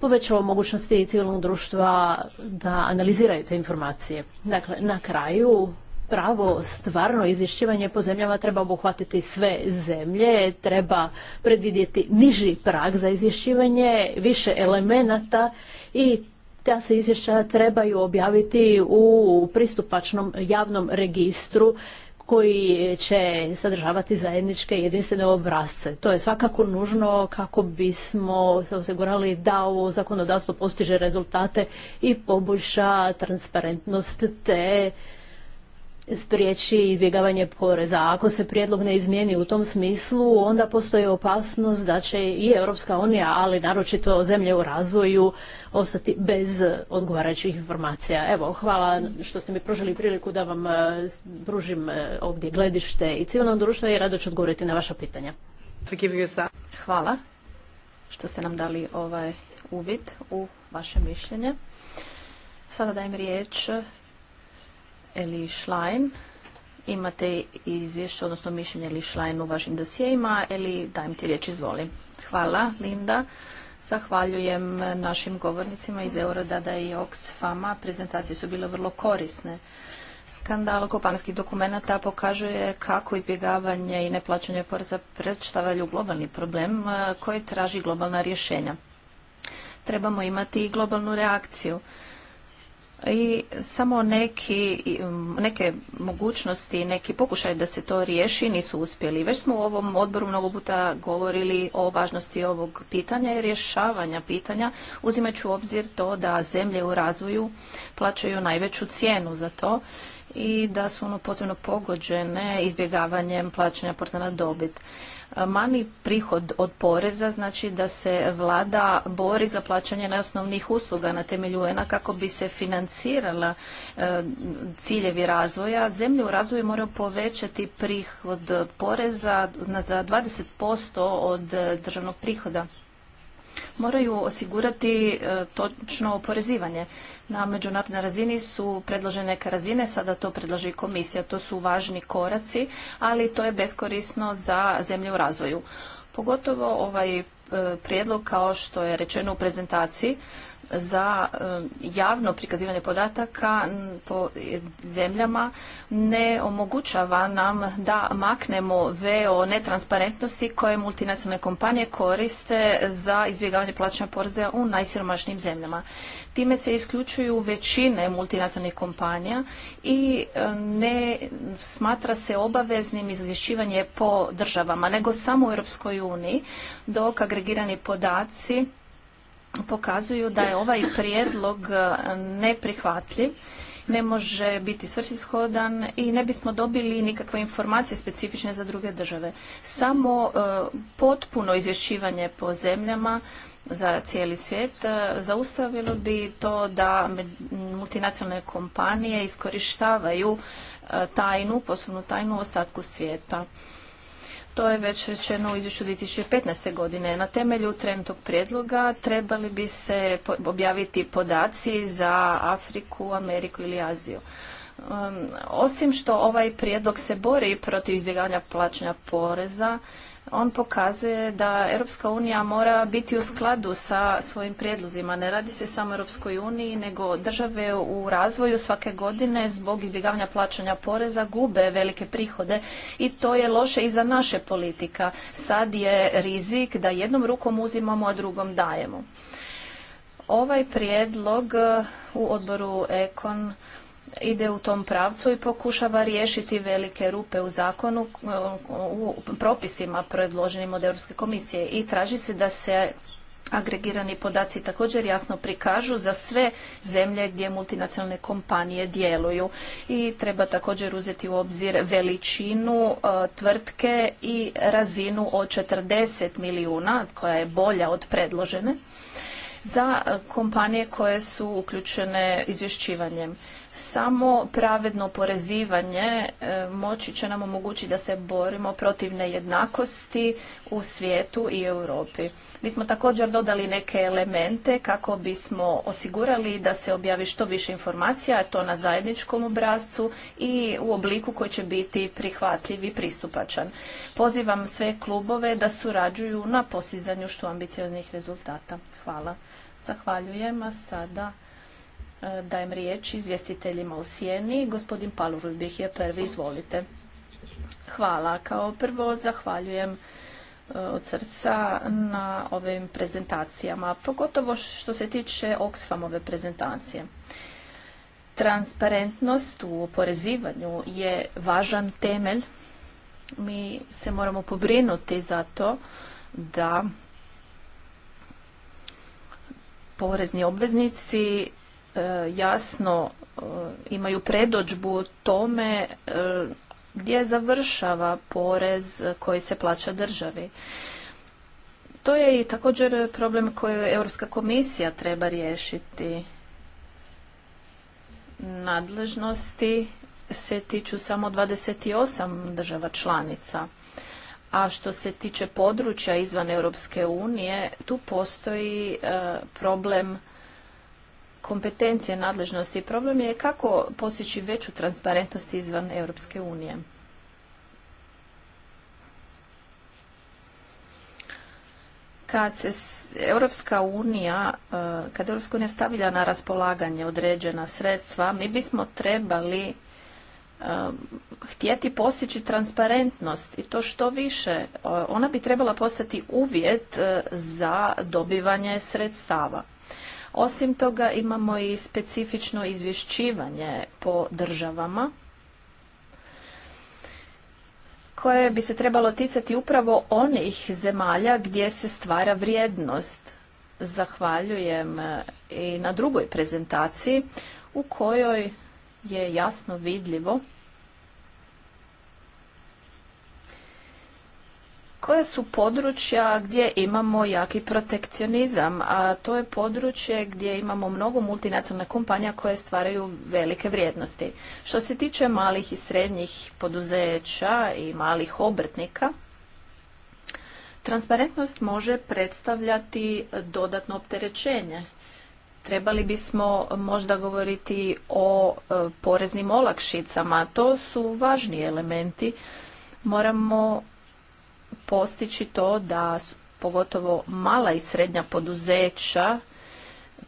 povećalo mogućnosti civilnog društva da analiziraju te informacije. Dakle, na kraju pravo stvarno izvješćivanje po zemljama treba obuhvatiti sve zemlje, treba predvidjeti niži prag za izvješćivanje, više elemenata i ta se izvješća trebaju objaviti u pristupačnom javnom registru koji će sadržavati zajedničke jedinstvene obrazce. To je svakako nužno kako bismo se osigurali da ovo zakonodavstvo postiže rezultate i poboljša transparentnost te spriječi izbjegavanje poreza. ako se prijedlog ne izmijeni u tom smislu, onda postoji opasnost da će i Europska unija, ali naročito zemlje u razvoju, ostati bez odgovarajućih informacija. Evo, hvala što ste mi pružili priliku da vam e, pružim e, ovdje gledište i civilno društvo i rado ću odgovoriti na vaša pitanja. Hvala što ste nam dali ovaj uvid u vaše mišljenje. Sada dajem riječ Eli Schlein. Imate izvješće, odnosno mišljenje Eli Schlein u vašim dosjeima Eli, dajem ti riječ, izvoli. Hvala, Linda. Zahvaljujem našim govornicima iz Eurodada i Oxfama. Prezentacije su bile vrlo korisne. Skandal kopanskih dokumenta dokumenata pokazuje kako izbjegavanje i neplaćanje poreza predstavljaju globalni problem eh, koji traži globalna rješenja. Trebamo imati i globalnu reakciju i samo neki, neke mogućnosti, neki pokušaj da se to riješi nisu uspjeli. Već smo u ovom odboru mnogo puta govorili o važnosti ovog pitanja i rješavanja pitanja, uzimajući u obzir to da zemlje u razvoju plaćaju najveću cijenu za to i da su ono potrebno pogođene izbjegavanjem plaćanja poreza na dobit. E, Mani prihod od poreza znači da se vlada bori za plaćanje najosnovnijih usluga na temelju un kako bi se financirala e, ciljevi razvoja. Zemlje u razvoju moraju povećati prihod od poreza za 20% od e, državnog prihoda moraju osigurati e, točno oporezivanje. Na međunarodnoj razini su predložene neke razine, sada to predlaže komisija. To su važni koraci, ali to je beskorisno za zemlje u razvoju. Pogotovo ovaj e, prijedlog, kao što je rečeno u prezentaciji, za eh, javno prikazivanje podataka po eh, zemljama ne omogućava nam da maknemo veo netransparentnosti koje multinacionalne kompanije koriste za izbjegavanje plaćanja poreza u najsiromašnijim zemljama. Time se isključuju većine multinacionalnih kompanija i eh, ne smatra se obaveznim izvješćivanje po državama, nego samo u Europskoj uniji, dok agregirani podaci pokazuju da je ovaj prijedlog e, neprihvatljiv ne može biti svrsishodan i ne bismo dobili nikakve informacije specifične za druge države. Samo e, potpuno izvješćivanje po zemljama za cijeli svijet e, zaustavilo bi to da multinacionalne kompanije iskorištavaju tajnu, poslovnu tajnu u ostatku svijeta. To je već rečeno u izvješću 2015. godine. Na temelju trenutnog prijedloga trebali bi se objaviti podaci za Afriku, Ameriku ili Aziju. Um, osim što ovaj prijedlog se bori protiv izbjegavanja plaćanja poreza on pokazuje da Europska unija mora biti u skladu sa svojim prijedlozima. Ne radi se samo Europskoj uniji, nego države u razvoju svake godine zbog izbjegavanja plaćanja poreza gube velike prihode i to je loše i za naše politika. Sad je rizik da jednom rukom uzimamo, a drugom dajemo. Ovaj prijedlog u odboru Ekon ide u tom pravcu i pokušava riješiti velike rupe u zakonu, u propisima predloženim od Europske komisije i traži se da se agregirani podaci također jasno prikažu za sve zemlje gdje multinacionalne kompanije djeluju i treba također uzeti u obzir veličinu e, tvrtke i razinu od 40 milijuna koja je bolja od predložene za kompanije koje su uključene izvješćivanjem. Samo pravedno porezivanje e, moći će nam omogućiti da se borimo protiv nejednakosti u svijetu i Europi. Mi smo također dodali neke elemente kako bismo osigurali da se objavi što više informacija, to na zajedničkom obrazcu i u obliku koji će biti prihvatljiv i pristupačan. Pozivam sve klubove da surađuju na postizanju što ambicioznih rezultata. Hvala. Zahvaljujem, sada E, dajem riječ izvjestiteljima u sjeni. Gospodin bih je prvi, izvolite. Hvala. Kao prvo zahvaljujem e, od srca na ovim prezentacijama, pogotovo što se tiče Oxfamove prezentacije. Transparentnost u oporezivanju je važan temelj. Mi se moramo pobrinuti za to da porezni obveznici E, jasno e, imaju predođbu o tome e, gdje završava porez koji se plaća državi. To je i također problem koji Europska komisija treba riješiti. Nadležnosti se tiču samo 28 država članica. A što se tiče područja izvan Europske unije, tu postoji problem kompetencije, nadležnosti. Problem je kako postići veću transparentnost izvan Europske unije. Kad se Europska unija, e, kad Europska unija stavlja na raspolaganje određena sredstva, mi bismo trebali e, htjeti postići transparentnost i to što više. E, ona bi trebala postati uvjet za dobivanje sredstava. Osim toga imamo i specifično izvješćivanje po državama koje bi se trebalo ticati upravo onih zemalja gdje se stvara vrijednost. Zahvaljujem eh, i na drugoj prezentaciji u kojoj je jasno vidljivo koje su područja gdje imamo jaki protekcionizam, a to je područje gdje imamo mnogo multinacionalnih kompanija koje stvaraju velike vrijednosti. Što se tiče malih i srednjih poduzeća i malih obrtnika, transparentnost može predstavljati dodatno opterećenje. Trebali bismo možda govoriti o e, poreznim olakšicama, to su važni elementi moramo postići to da pogotovo mala i srednja poduzeća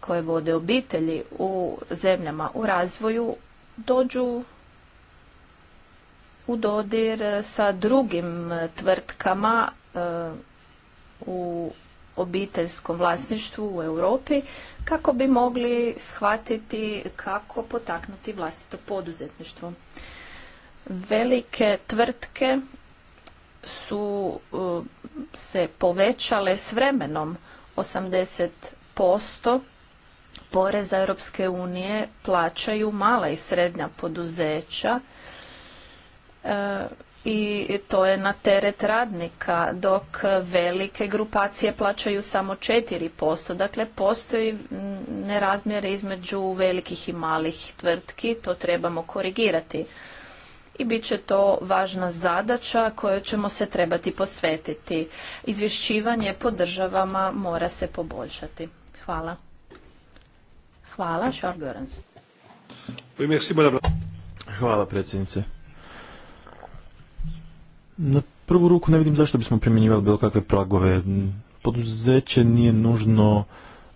koje vode obitelji u zemljama u razvoju dođu u dodir sa drugim tvrtkama e, u obiteljskom vlasništvu u Europi kako bi mogli shvatiti kako potaknuti vlastito poduzetništvo. Velike tvrtke su e, se povećale s vremenom 80% poreza Europske unije plaćaju mala i srednja poduzeća e, i to je na teret radnika, dok velike grupacije plaćaju samo 4%. Dakle, postoji nerazmjere između velikih i malih tvrtki, to trebamo korigirati i bit će to važna zadaća kojoj ćemo se trebati posvetiti. Izvješćivanje po državama mora se poboljšati. Hvala. Hvala, Hvala, predsjednice. Na prvu ruku ne vidim zašto bismo primjenjivali bilo kakve pragove. Poduzeće nije nužno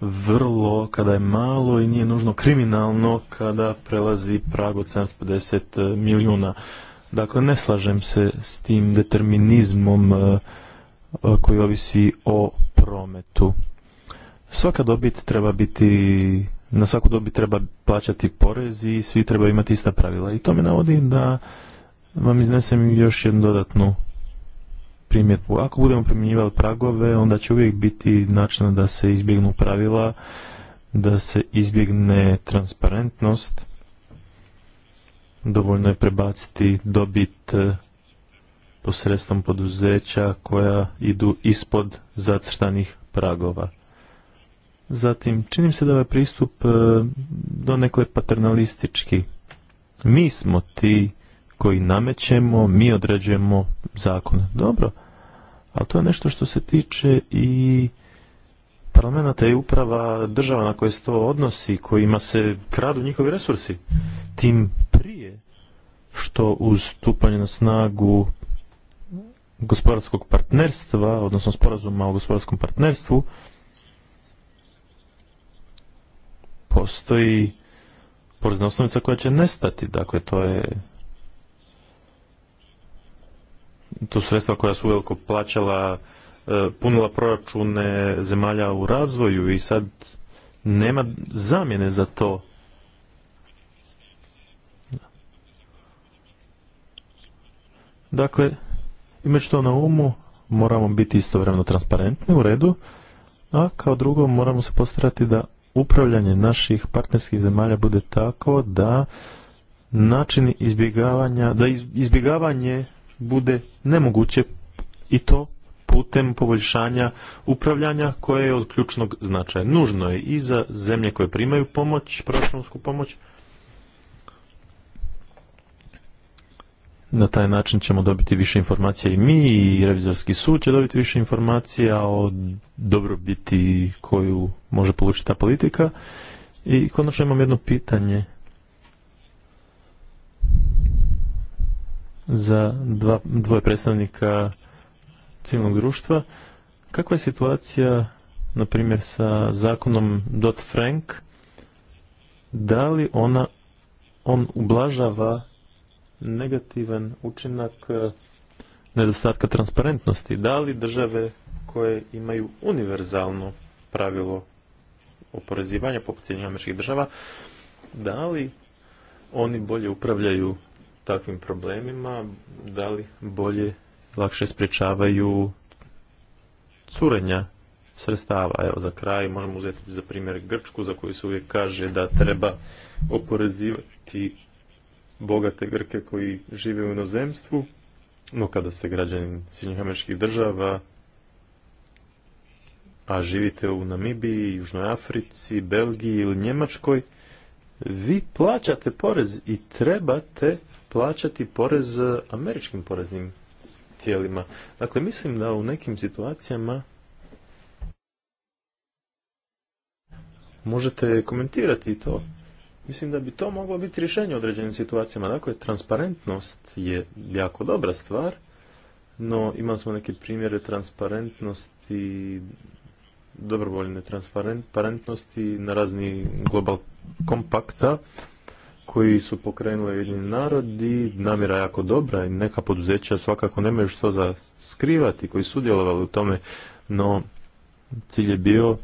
vrlo, kada je malo i nije nužno kriminalno kada prelazi prag od 750 eh, milijuna. Dakle, ne slažem se s tim determinizmom eh, koji ovisi o prometu. Svaka dobit treba biti, na svaku dobit treba plaćati porez i svi trebaju imati ista pravila. I to me navodi da vam iznesem još jednu dodatnu primjetbu. Ako budemo primjenjivali pragove, onda će uvijek biti načina da se izbjegnu pravila, da se izbjegne transparentnost. Dovoljno je prebaciti dobit eh, posredstvom poduzeća koja idu ispod zacrtanih pragova. Zatim, činim se da je ovaj pristup eh, donekle paternalistički. Mi smo ti koji namećemo, mi određujemo zakon. Dobro, ali to je nešto što se tiče i parlamenta i uprava država na koje se to odnosi, kojima se kradu njihovi resursi. Tim prije što uz stupanje na snagu gospodarskog partnerstva, odnosno sporazuma o gospodarskom partnerstvu, postoji porezna osnovica koja će nestati. Dakle, to je to su sredstva koja su veliko plaćala, e, punila proračune zemalja u razvoju i sad nema zamjene za to. Dakle, imeći to na umu, moramo biti istovremeno transparentni u redu, a kao drugo moramo se postarati da upravljanje naših partnerskih zemalja bude tako da načini izbjegavanja, da izbjegavanje bude nemoguće i to putem poboljšanja upravljanja koje je od ključnog značaja. Nužno je i za zemlje koje primaju pomoć, proračunsku pomoć. Na taj način ćemo dobiti više informacija i mi i revizorski sud će dobiti više informacija o dobrobiti koju može polučiti ta politika. I konačno imam jedno pitanje za dva, dvoje predstavnika civilnog društva. Kakva je situacija, na primjer, sa zakonom Dot frank Da li ona, on ublažava negativan učinak e, nedostatka transparentnosti? Da li države koje imaju univerzalno pravilo oporezivanja, poput Sjedinjenih američkih država, da li oni bolje upravljaju takvim problemima, da li bolje lakše sprječavaju curenja sredstava. Evo za kraj možemo uzeti za primjer Grčku za koju se uvijek kaže da treba oporezivati bogate Grke koji žive u inozemstvu, no kada ste građanin Sjednjih država, a živite u Namibiji, Južnoj Africi, Belgiji ili Njemačkoj, vi plaćate porez i trebate plaćati porez e, američkim poreznim tijelima. Dakle, mislim da u nekim situacijama možete komentirati to. Mislim da bi to moglo biti rješenje u određenim situacijama. Dakle, transparentnost je jako dobra stvar, no imali smo neke primjere transparentnosti, dobrovoljne transparentnosti na razni global kompakta koji su pokrenuli jedini narod i namjera je jako dobra i neka poduzeća svakako nemaju što za skrivati koji su djelovali u tome, no cilj je bio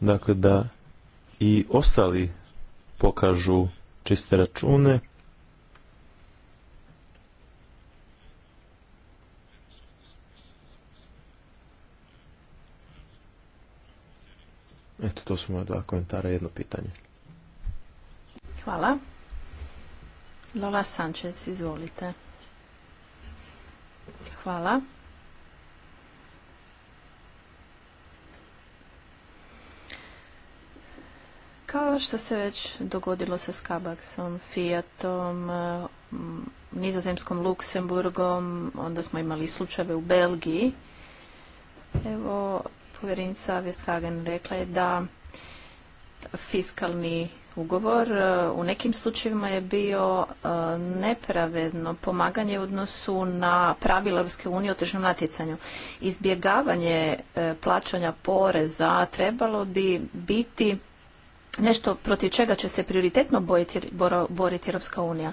dakle da i ostali pokažu čiste račune Eto, to su moje dva komentara, jedno pitanje. Hvala. Lola Sančec, izvolite. Hvala. Kao što se već dogodilo sa Skabaksom, Fiatom, mm, Nizozemskom Luksemburgom, onda smo imali slučajeve u Belgiji. Evo, povjerenica Vestkagen rekla je da fiskalni ugovor e, u nekim slučajevima je bio e, nepravedno pomaganje u odnosu na pravila Europske unije o tržnom natjecanju. Izbjegavanje e, plaćanja poreza trebalo bi biti nešto protiv čega će se prioritetno boriti Europska unija.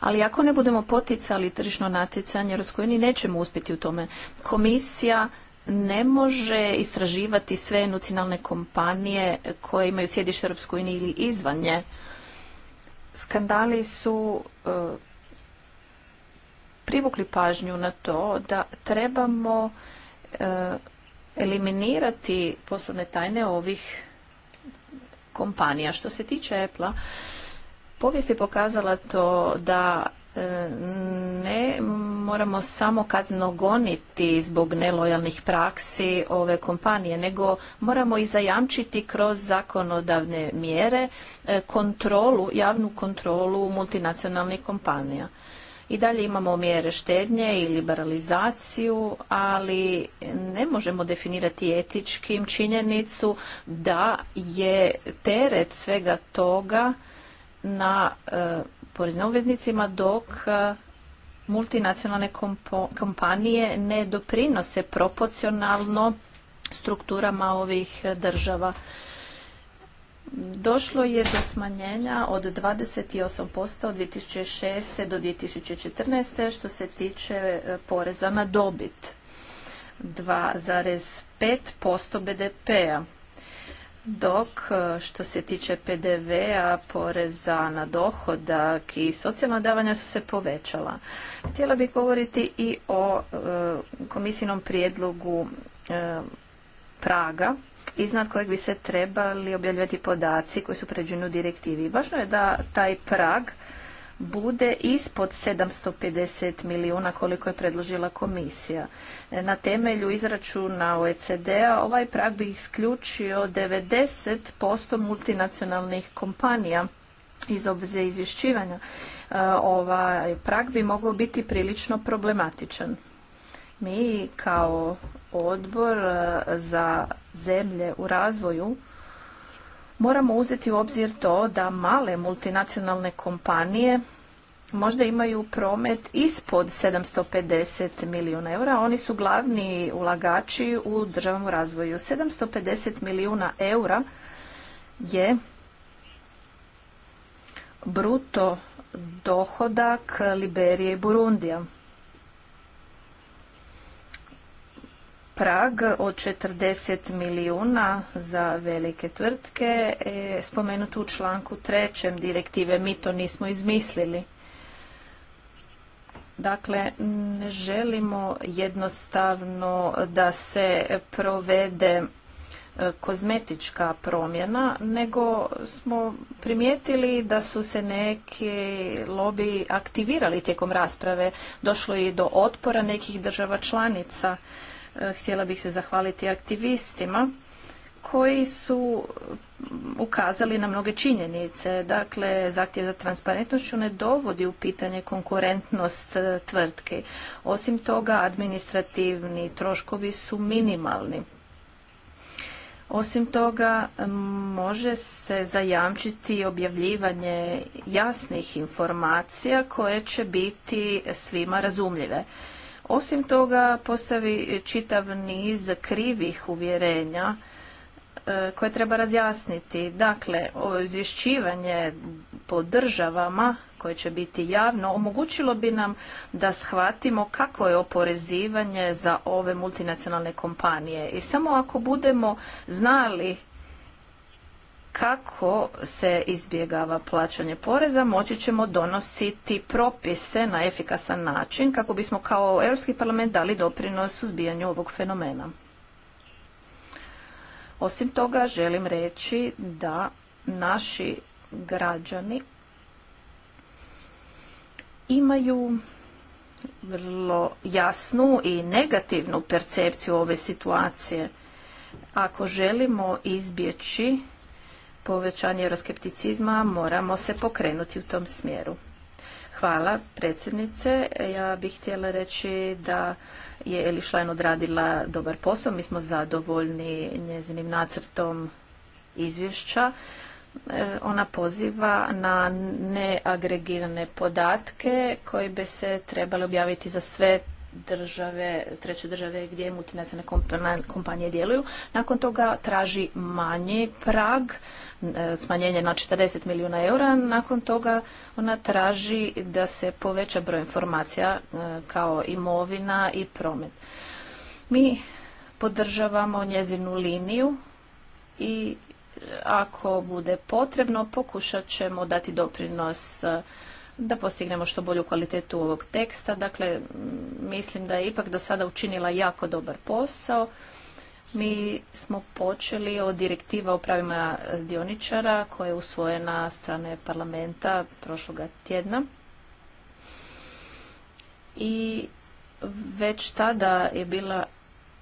Ali ako ne budemo poticali tržišno natjecanje Europskoj uniji, nećemo uspjeti u tome. Komisija ne može istraživati sve nacionalne kompanije koje imaju sjedište Europskoj uniji ili izvan nje. Skandali su e, privukli pažnju na to da trebamo e, eliminirati poslovne tajne ovih kompanija. Što se tiče Apple-a, povijest je pokazala to da E, ne moramo samo kazneno goniti zbog nelojalnih praksi ove kompanije, nego moramo i zajamčiti kroz zakonodavne mjere e, kontrolu, javnu kontrolu multinacionalnih kompanija. I dalje imamo mjere štednje i liberalizaciju, ali ne možemo definirati etičkim činjenicu da je teret svega toga na e, poreznim obveznicima dok e, multinacionalne kompanije ne doprinose proporcionalno strukturama ovih država. Došlo je do smanjenja od 28% od 2006. do 2014. što se tiče e, poreza na dobit. 2,5% BDP-a dok e, što se tiče PDV-a, poreza na dohodak i socijalna davanja su se povećala. Htjela bih govoriti i o e, prijedlogu e, praga iznad kojeg bi se trebali objavljati podaci koji su pređeni u direktivi. Važno je da taj prag bude ispod 750 milijuna koliko je predložila komisija. E, na temelju izračuna OECD-a ovaj prag bi isključio 90% multinacionalnih kompanija iz obveze izvješćivanja. E, ovaj prag bi mogao biti prilično problematičan. Mi kao odbor e, za zemlje u razvoju moramo uzeti u obzir to da male multinacionalne kompanije možda imaju promet ispod 750 milijuna eura. Oni su glavni ulagači u državnom razvoju. 750 milijuna eura je bruto dohodak Liberije i Burundija. prag od 40 milijuna za velike tvrtke je spomenut u članku trećem direktive. Mi to nismo izmislili. Dakle, ne želimo jednostavno da se provede e, kozmetička promjena, nego smo primijetili da su se neki lobi aktivirali tijekom rasprave. Došlo je i do otpora nekih država članica htjela bih se zahvaliti aktivistima koji su ukazali na mnoge činjenice. Dakle, zahtjev za transparentnošću ne dovodi u pitanje konkurentnost e, tvrtke. Osim toga, administrativni troškovi su minimalni. Osim toga, može se zajamčiti objavljivanje jasnih informacija koje će biti svima razumljive. Osim toga postavi čitav niz krivih uvjerenja e, koje treba razjasniti. Dakle, izvješćivanje po državama koje će biti javno omogućilo bi nam da shvatimo kako je oporezivanje za ove multinacionalne kompanije. I samo ako budemo znali kako se izbjegava plaćanje poreza, moći ćemo donositi propise na efikasan način kako bismo kao Europski parlament dali doprinos suzbijanju ovog fenomena. Osim toga, želim reći da naši građani imaju vrlo jasnu i negativnu percepciju ove situacije. Ako želimo izbjeći povećanje euroskepticizma, moramo se pokrenuti u tom smjeru. Hvala predsjednice. Ja bih htjela reći da je Eli odradila dobar posao. Mi smo zadovoljni njezinim nacrtom izvješća. E, ona poziva na neagregirane podatke koji bi se trebali objaviti za sve države, treće države gdje multinacionalne kompanije djeluju. Nakon toga traži manji prag, e, smanjenje na 40 milijuna eura. Nakon toga ona traži da se poveća broj informacija e, kao imovina i promet. Mi podržavamo njezinu liniju i e, ako bude potrebno pokušat ćemo dati doprinos da postignemo što bolju kvalitetu ovog teksta. Dakle, mislim da je ipak do sada učinila jako dobar posao. Mi smo počeli od direktiva o pravima dioničara koja je usvojena strane parlamenta prošloga tjedna. I već tada je bila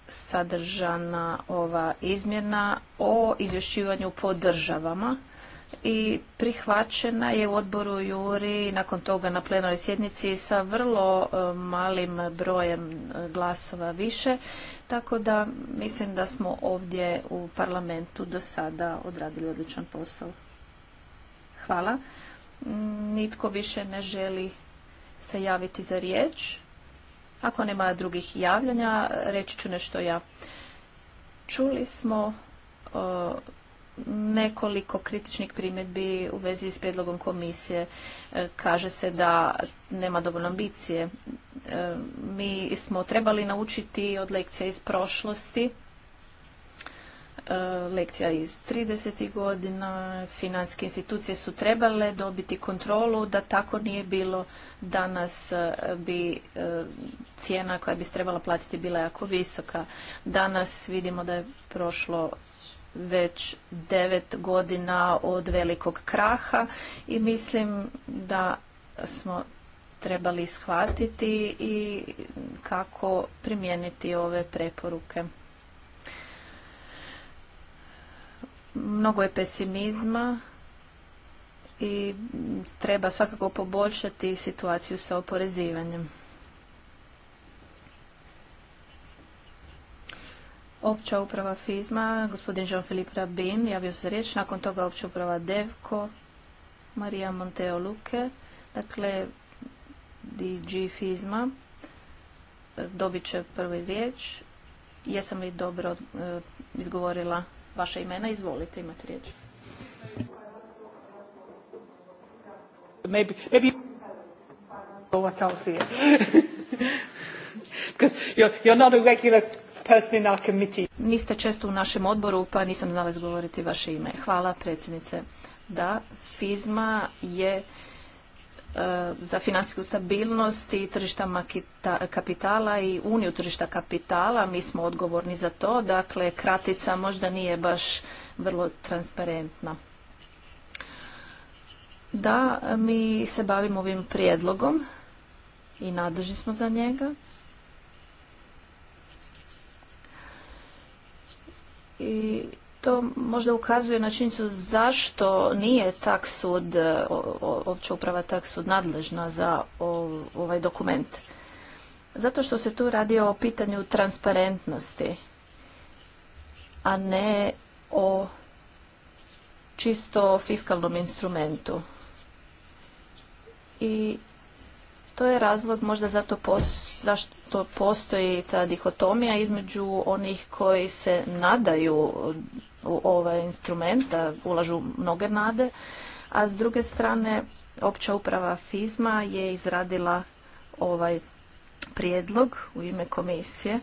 sadržana ova izmjena o izvješćivanju po državama i prihvaćena je u odboru Juri nakon toga na plenarnoj sjednici sa vrlo e, malim brojem e, glasova više, tako da mislim da smo ovdje u parlamentu do sada odradili odličan posao. Hvala. Mm, nitko više ne želi se javiti za riječ. Ako nema drugih javljanja, reći ću nešto ja. Čuli smo e, nekoliko kritičnih primjedbi u vezi s predlogom komisije. E, kaže se da nema dovoljno ambicije. E, mi smo trebali naučiti od lekcija iz prošlosti, e, lekcija iz 30. godina, financijske institucije su trebale dobiti kontrolu, da tako nije bilo danas bi cijena koja bi se trebala platiti bila jako visoka. Danas vidimo da je prošlo već devet godina od velikog kraha i mislim da smo trebali shvatiti i kako primijeniti ove preporuke. Mnogo je pesimizma i treba svakako poboljšati situaciju sa oporezivanjem. Opća uprava FIZMA, gospodin Jean-Philippe Rabin, javio se za riječ, nakon toga opća uprava DEVKO, Marija Monteo Luke, dakle DG FIZMA, e, dobit će prvi riječ. Jesam li dobro e, izgovorila vaša imena? Izvolite, imati riječ. Maybe, maybe Because you're, you're not a regular Niste često u našem odboru, pa nisam znala izgovoriti vaše ime. Hvala, predsjednice. Da, FIZMA je e, za financijsku stabilnost i tržišta kapitala i uniju tržišta kapitala. Mi smo odgovorni za to, dakle kratica možda nije baš vrlo transparentna. Da, mi se bavimo ovim prijedlogom i nadležni smo za njega. i to možda ukazuje na činjenicu zašto nije taksud, e, opća uprava taksud nadležna za ovaj dokument. Zato što se tu radi o pitanju transparentnosti, a ne o čisto fiskalnom instrumentu. I to je razlog možda zato to postoji ta dihotomija između onih koji se nadaju u ovaj instrument, da ulažu mnoge nade, a s druge strane opća uprava FIZMA je izradila ovaj prijedlog u ime komisije.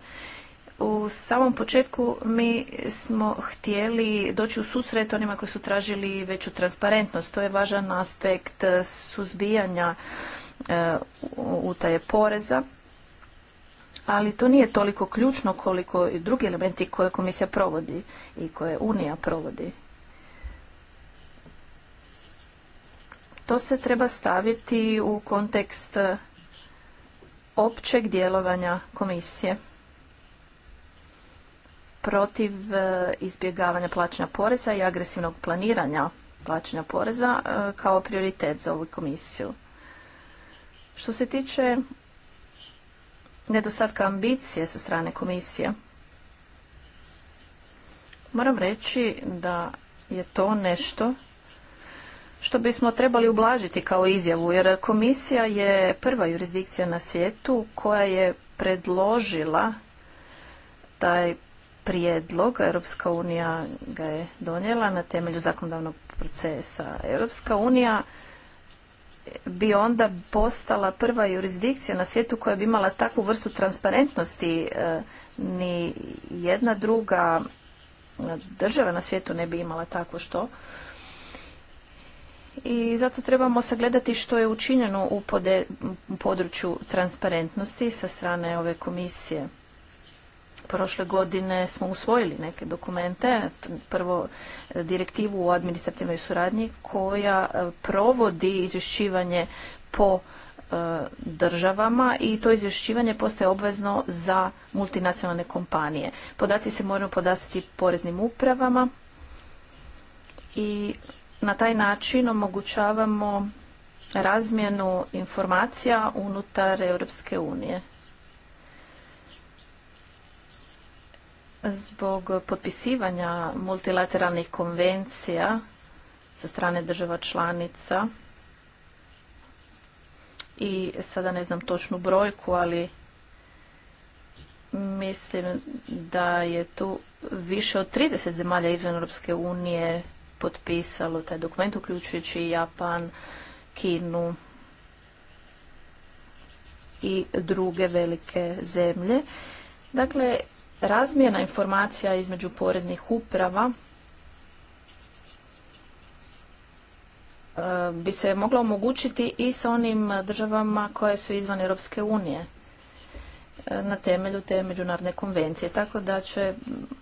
U samom početku mi smo htjeli doći u susret onima koji su tražili veću transparentnost. To je važan aspekt suzbijanja e, utaje poreza ali to nije toliko ključno koliko i drugi elementi koje komisija provodi i koje Unija provodi. To se treba staviti u kontekst općeg djelovanja komisije protiv e, izbjegavanja plaćanja poreza i agresivnog planiranja plaćanja poreza e, kao prioritet za ovu komisiju. Što se tiče nedostatka ambicije sa strane komisije. Moram reći da je to nešto što bismo trebali ublažiti kao izjavu, jer komisija je prva jurisdikcija na svijetu koja je predložila taj prijedlog, Europska unija ga je donijela na temelju zakonodavnog procesa. Europska unija bi onda postala prva jurisdikcija na svijetu koja bi imala takvu vrstu transparentnosti. E, ni jedna druga država na svijetu ne bi imala takvo što. I zato trebamo sagledati što je učinjeno u, u području transparentnosti sa strane ove komisije. Prošle godine smo usvojili neke dokumente, prvo e, direktivu o administrativnoj suradnji koja e, provodi izvješćivanje po e, državama i to izvješćivanje postaje obvezno za multinacionalne kompanije. Podaci se moraju podastiti poreznim upravama i na taj način omogućavamo razmjenu informacija unutar Europske unije. Zbog potpisivanja multilateralnih konvencija sa strane država članica i sada ne znam točnu brojku, ali mislim da je tu više od 30 zemalja izvan Europske unije potpisalo taj dokument, uključujući Japan, Kinu i druge velike zemlje. Dakle, Razmjena informacija između poreznih uprava e, bi se mogla omogućiti i sa onim državama koje su izvan Europske unije e, na temelju te međunarodne konvencije. Tako da će,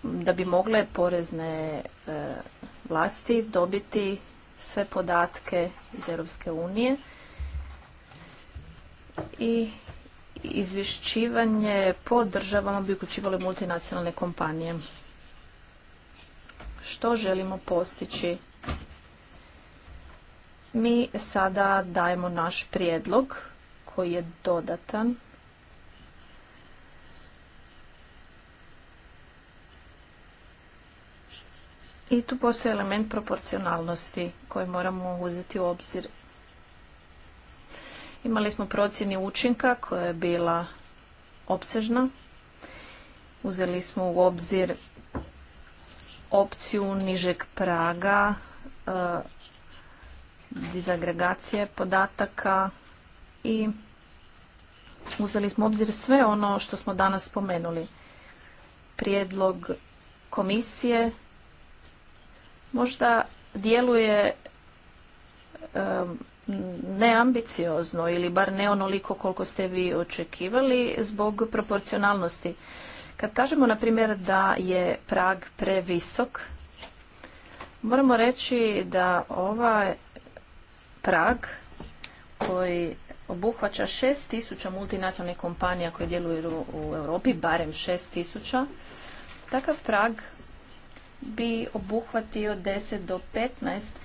da bi mogle porezne e, vlasti dobiti sve podatke iz Europske unije i izvješćivanje po državama bi uključivale multinacionalne kompanije. Što želimo postići? Mi sada dajemo naš prijedlog koji je dodatan I tu postoji element proporcionalnosti koji moramo uzeti u obzir Imali smo procjeni učinka koja je bila opsežna. Uzeli smo u obzir opciju nižeg praga, eh, dizagregacije podataka i uzeli smo u obzir sve ono što smo danas spomenuli. Prijedlog komisije možda djeluje eh, neambiciozno ili bar ne onoliko koliko ste vi očekivali zbog proporcionalnosti. Kad kažemo, na primjer, da je prag previsok, moramo reći da ovaj prag koji obuhvaća tisuća multinacionalnih kompanija koje djeluju u Europi, barem tisuća, takav prag bi obuhvatio 10 do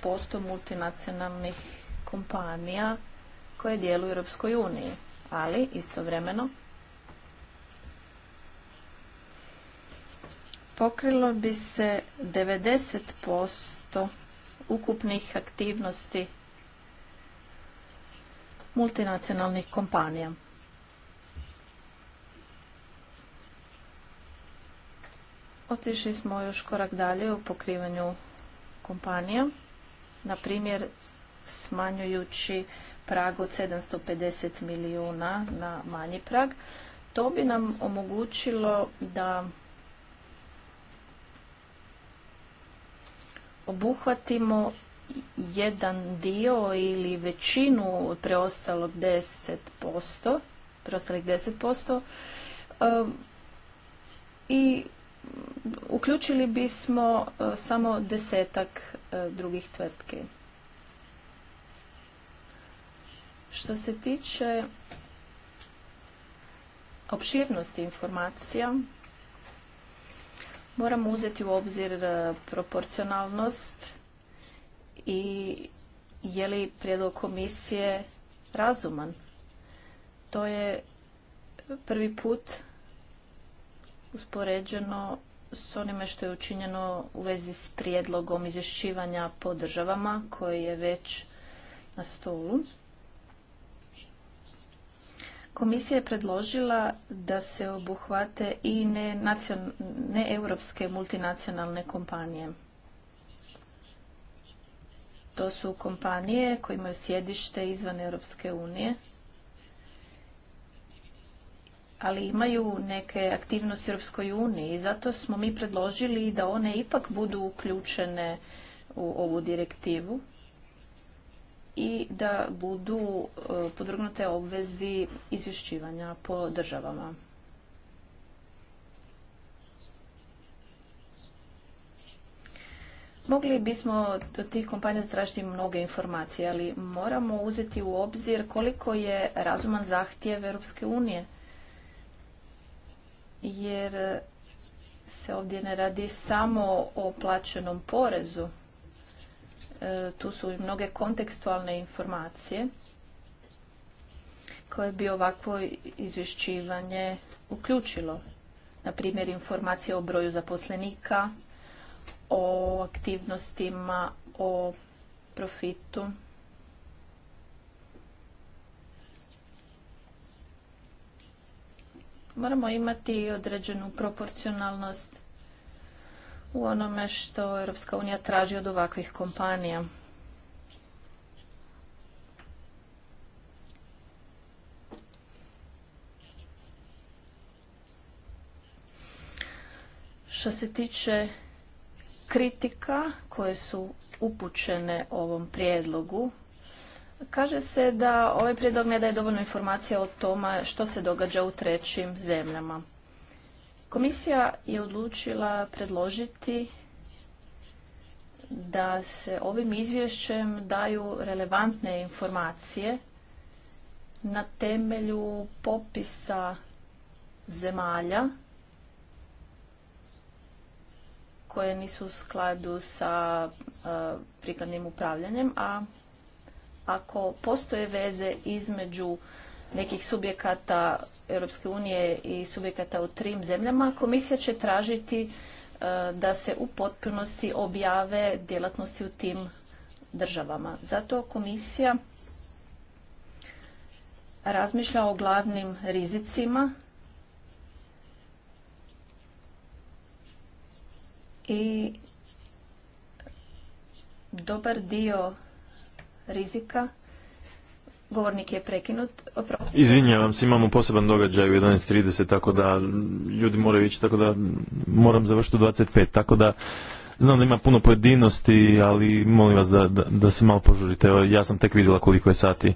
15% multinacionalnih kompanija koje djeluju u Europskoj uniji, ali istovremeno pokrilo bi se 90% ukupnih aktivnosti multinacionalnih kompanija. Otišli smo još korak dalje u pokrivanju kompanija. Na primjer, smanjujući prag od 750 milijuna na manji prag. To bi nam omogućilo da obuhvatimo jedan dio ili većinu preostalog 10%, preostalih 10% um, i uključili bismo uh, samo desetak uh, drugih tvrtki. Što se tiče opširnosti informacija, moramo uzeti u obzir e, proporcionalnost i je li prijedlog komisije razuman. To je prvi put uspoređeno s onime što je učinjeno u vezi s prijedlogom izvješćivanja po državama koji je već na stolu. Komisija je predložila da se obuhvate i neeuropske europske multinacionalne kompanije. To su kompanije koje imaju sjedište izvan Europske unije, ali imaju neke aktivnosti u Europskoj uniji i zato smo mi predložili da one ipak budu uključene u ovu direktivu i da budu e, podvrgnute obvezi izvješćivanja po državama. Mogli bismo do tih kompanija zatražiti mnoge informacije, ali moramo uzeti u obzir koliko je razuman zahtjev Europske unije. Jer se ovdje ne radi samo o plaćenom porezu, E, tu su i mnoge kontekstualne informacije koje bi ovakvo izvješćivanje uključilo. Na primjer, informacije o broju zaposlenika, o aktivnostima, o profitu. Moramo imati određenu proporcionalnost u onome što Europska unija traži od ovakvih kompanija. Što se tiče kritika koje su upućene ovom prijedlogu, kaže se da ovaj prijedlog ne daje dovoljno informacija o tome što se događa u trećim zemljama. Komisija je odlučila predložiti da se ovim izvješćem daju relevantne informacije na temelju popisa zemalja koje nisu u skladu sa e, prikladnim upravljanjem, a ako postoje veze između nekih subjekata Europske unije i subjekata u trim zemljama, komisija će tražiti e, da se u potpunosti objave djelatnosti u tim državama. Zato komisija razmišlja o glavnim rizicima i dobar dio rizika Govornik je prekinut. Oprosti. Izvinjavam se, imamo poseban događaj u 11.30, tako da ljudi moraju ići, tako da moram završiti u 25. Tako da znam da ima puno pojedinosti, ali molim vas da, se malo požurite. Evo, ja sam tek vidjela koliko je sati.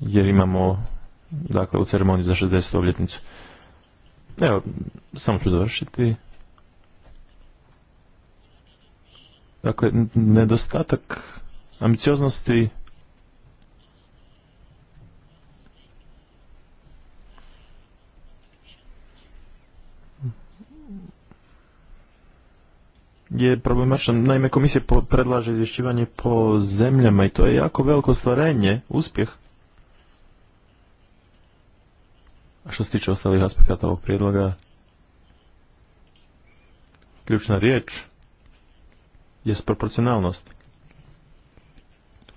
Jer imamo, dakle, u ceremoniji za 60. obljetnicu. Evo, samo ću završiti. Dakle, nedostatak ambicioznosti je problematičan. Naime, komisija predlaže izvješćivanje po zemljama i to je jako veliko ostvarenje, uspjeh. A što se tiče ostalih aspekata ovog prijedloga, ključna riječ je proporcionalnost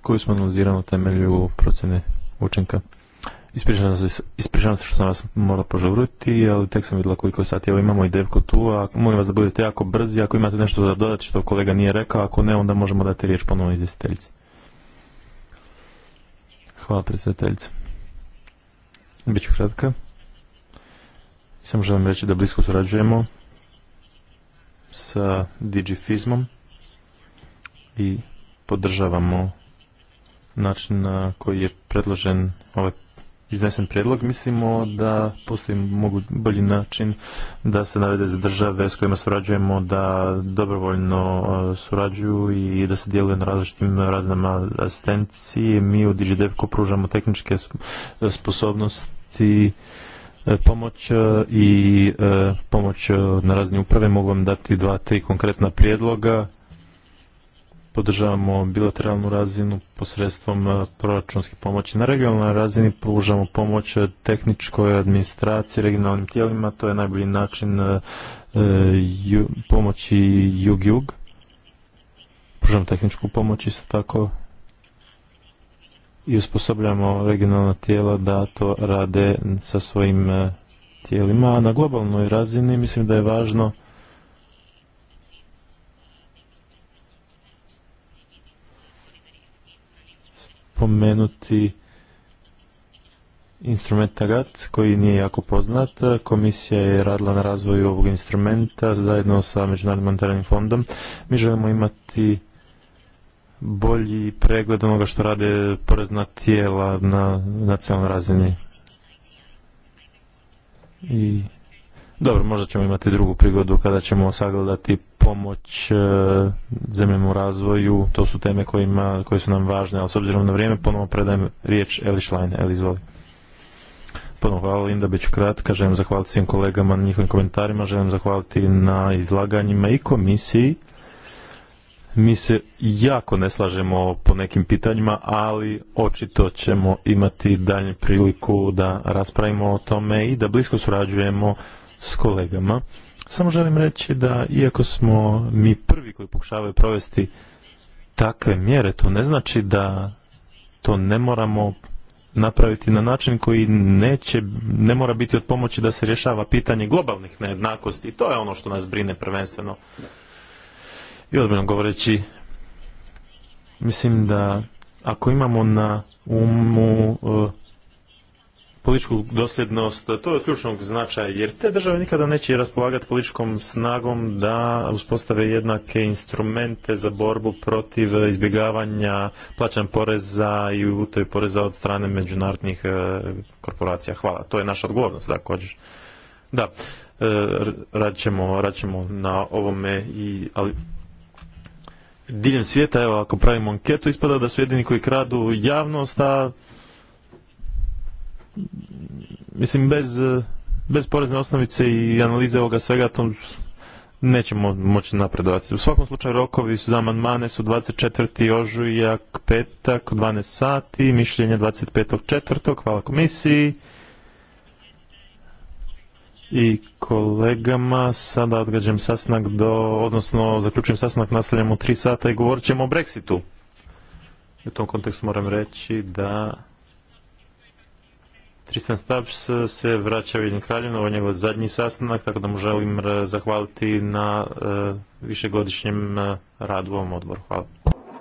koju smo analizirali na temelju procjene učinka. Ispričavam se, što sam vas morao požuriti, ali tek sam vidjela koliko sati. Evo imamo i Devko tu, a molim vas da budete jako brzi, ako imate nešto da dodati što kolega nije rekao, ako ne, onda možemo dati riječ ponovno izvjestiteljici. Hvala Bit Biću kratka. Samo želim reći da blisko surađujemo sa Digifizmom i podržavamo način na koji je predložen ovaj iznesen predlog, mislimo da postoji mogu bolji način da se navede za države s kojima surađujemo da dobrovoljno e, surađuju i da se djeluje na različitim razinama asistencije. Mi u DigiDevku pružamo tehničke sposobnosti e, pomoć e, i pomoć na razne uprave. Mogu vam dati dva, tri konkretna prijedloga podržavamo bilateralnu razinu posredstvom e, proračunske pomoći. Na regionalnoj razini pružamo pomoć e, tehničkoj administraciji, regionalnim tijelima, to je najbolji način e, pomoći jug-jug. Pružamo tehničku pomoć isto tako i usposobljamo regionalna tijela da to rade sa svojim tijelima. na globalnoj razini mislim da je važno spomenuti instrument TAGAT koji nije jako poznat. Komisija je radila na razvoju ovog instrumenta zajedno sa Međunarodnim monetarnim fondom. Mi želimo imati bolji pregled onoga što rade porezna tijela na nacionalnoj razini. I dobro, možda ćemo imati drugu prigodu kada ćemo sagledati pomoć e, zemljama u razvoju, to su teme kojima, koje su nam važne, ali s obzirom na vrijeme ponovno predajem riječ Eli Schlein. Eli, izvoli. Ponovno hvala Linda, bit ću kratka, želim zahvaliti svim kolegama na njihovim komentarima, želim zahvaliti na izlaganjima i komisiji. Mi se jako ne slažemo po nekim pitanjima, ali očito ćemo imati dalje priliku da raspravimo o tome i da blisko surađujemo s kolegama samo želim reći da iako smo mi prvi koji pokušavaju provesti takve mjere, to ne znači da to ne moramo napraviti na način koji neće, ne mora biti od pomoći da se rješava pitanje globalnih nejednakosti. I to je ono što nas brine prvenstveno. I odmjeno govoreći, mislim da ako imamo na umu e, političku dosljednost, to je od ključnog značaja, jer te države nikada neće raspolagati političkom snagom da uspostave jednake instrumente za borbu protiv izbjegavanja plaćanja poreza i utaju poreza od strane međunarodnih e, korporacija. Hvala, to je naša odgovornost, također. Da, e, radit ćemo, rad ćemo na ovome, i, ali diljem svijeta, evo, ako pravimo anketu, ispada da su jedini koji kradu javnost, a mislim bez, e, bez porezne osnovice i analize ovoga svega to nećemo moći napredovati. U svakom slučaju rokovi za amandmane su 24. ožujak, petak, 12 sati, mišljenje 25. četvrtog, hvala komisiji i kolegama. Sada odgađam sasnak do, odnosno zaključujem sasnak, nastavljamo u 3 sata i govorit ćemo o Brexitu. U tom kontekstu moram reći da Tristan Staps se vraća u jednim ovo je njegov zadnji sastanak, tako da mu želim eh, zahvaliti na eh, višegodišnjem eh, radu u ovom odboru. Hvala.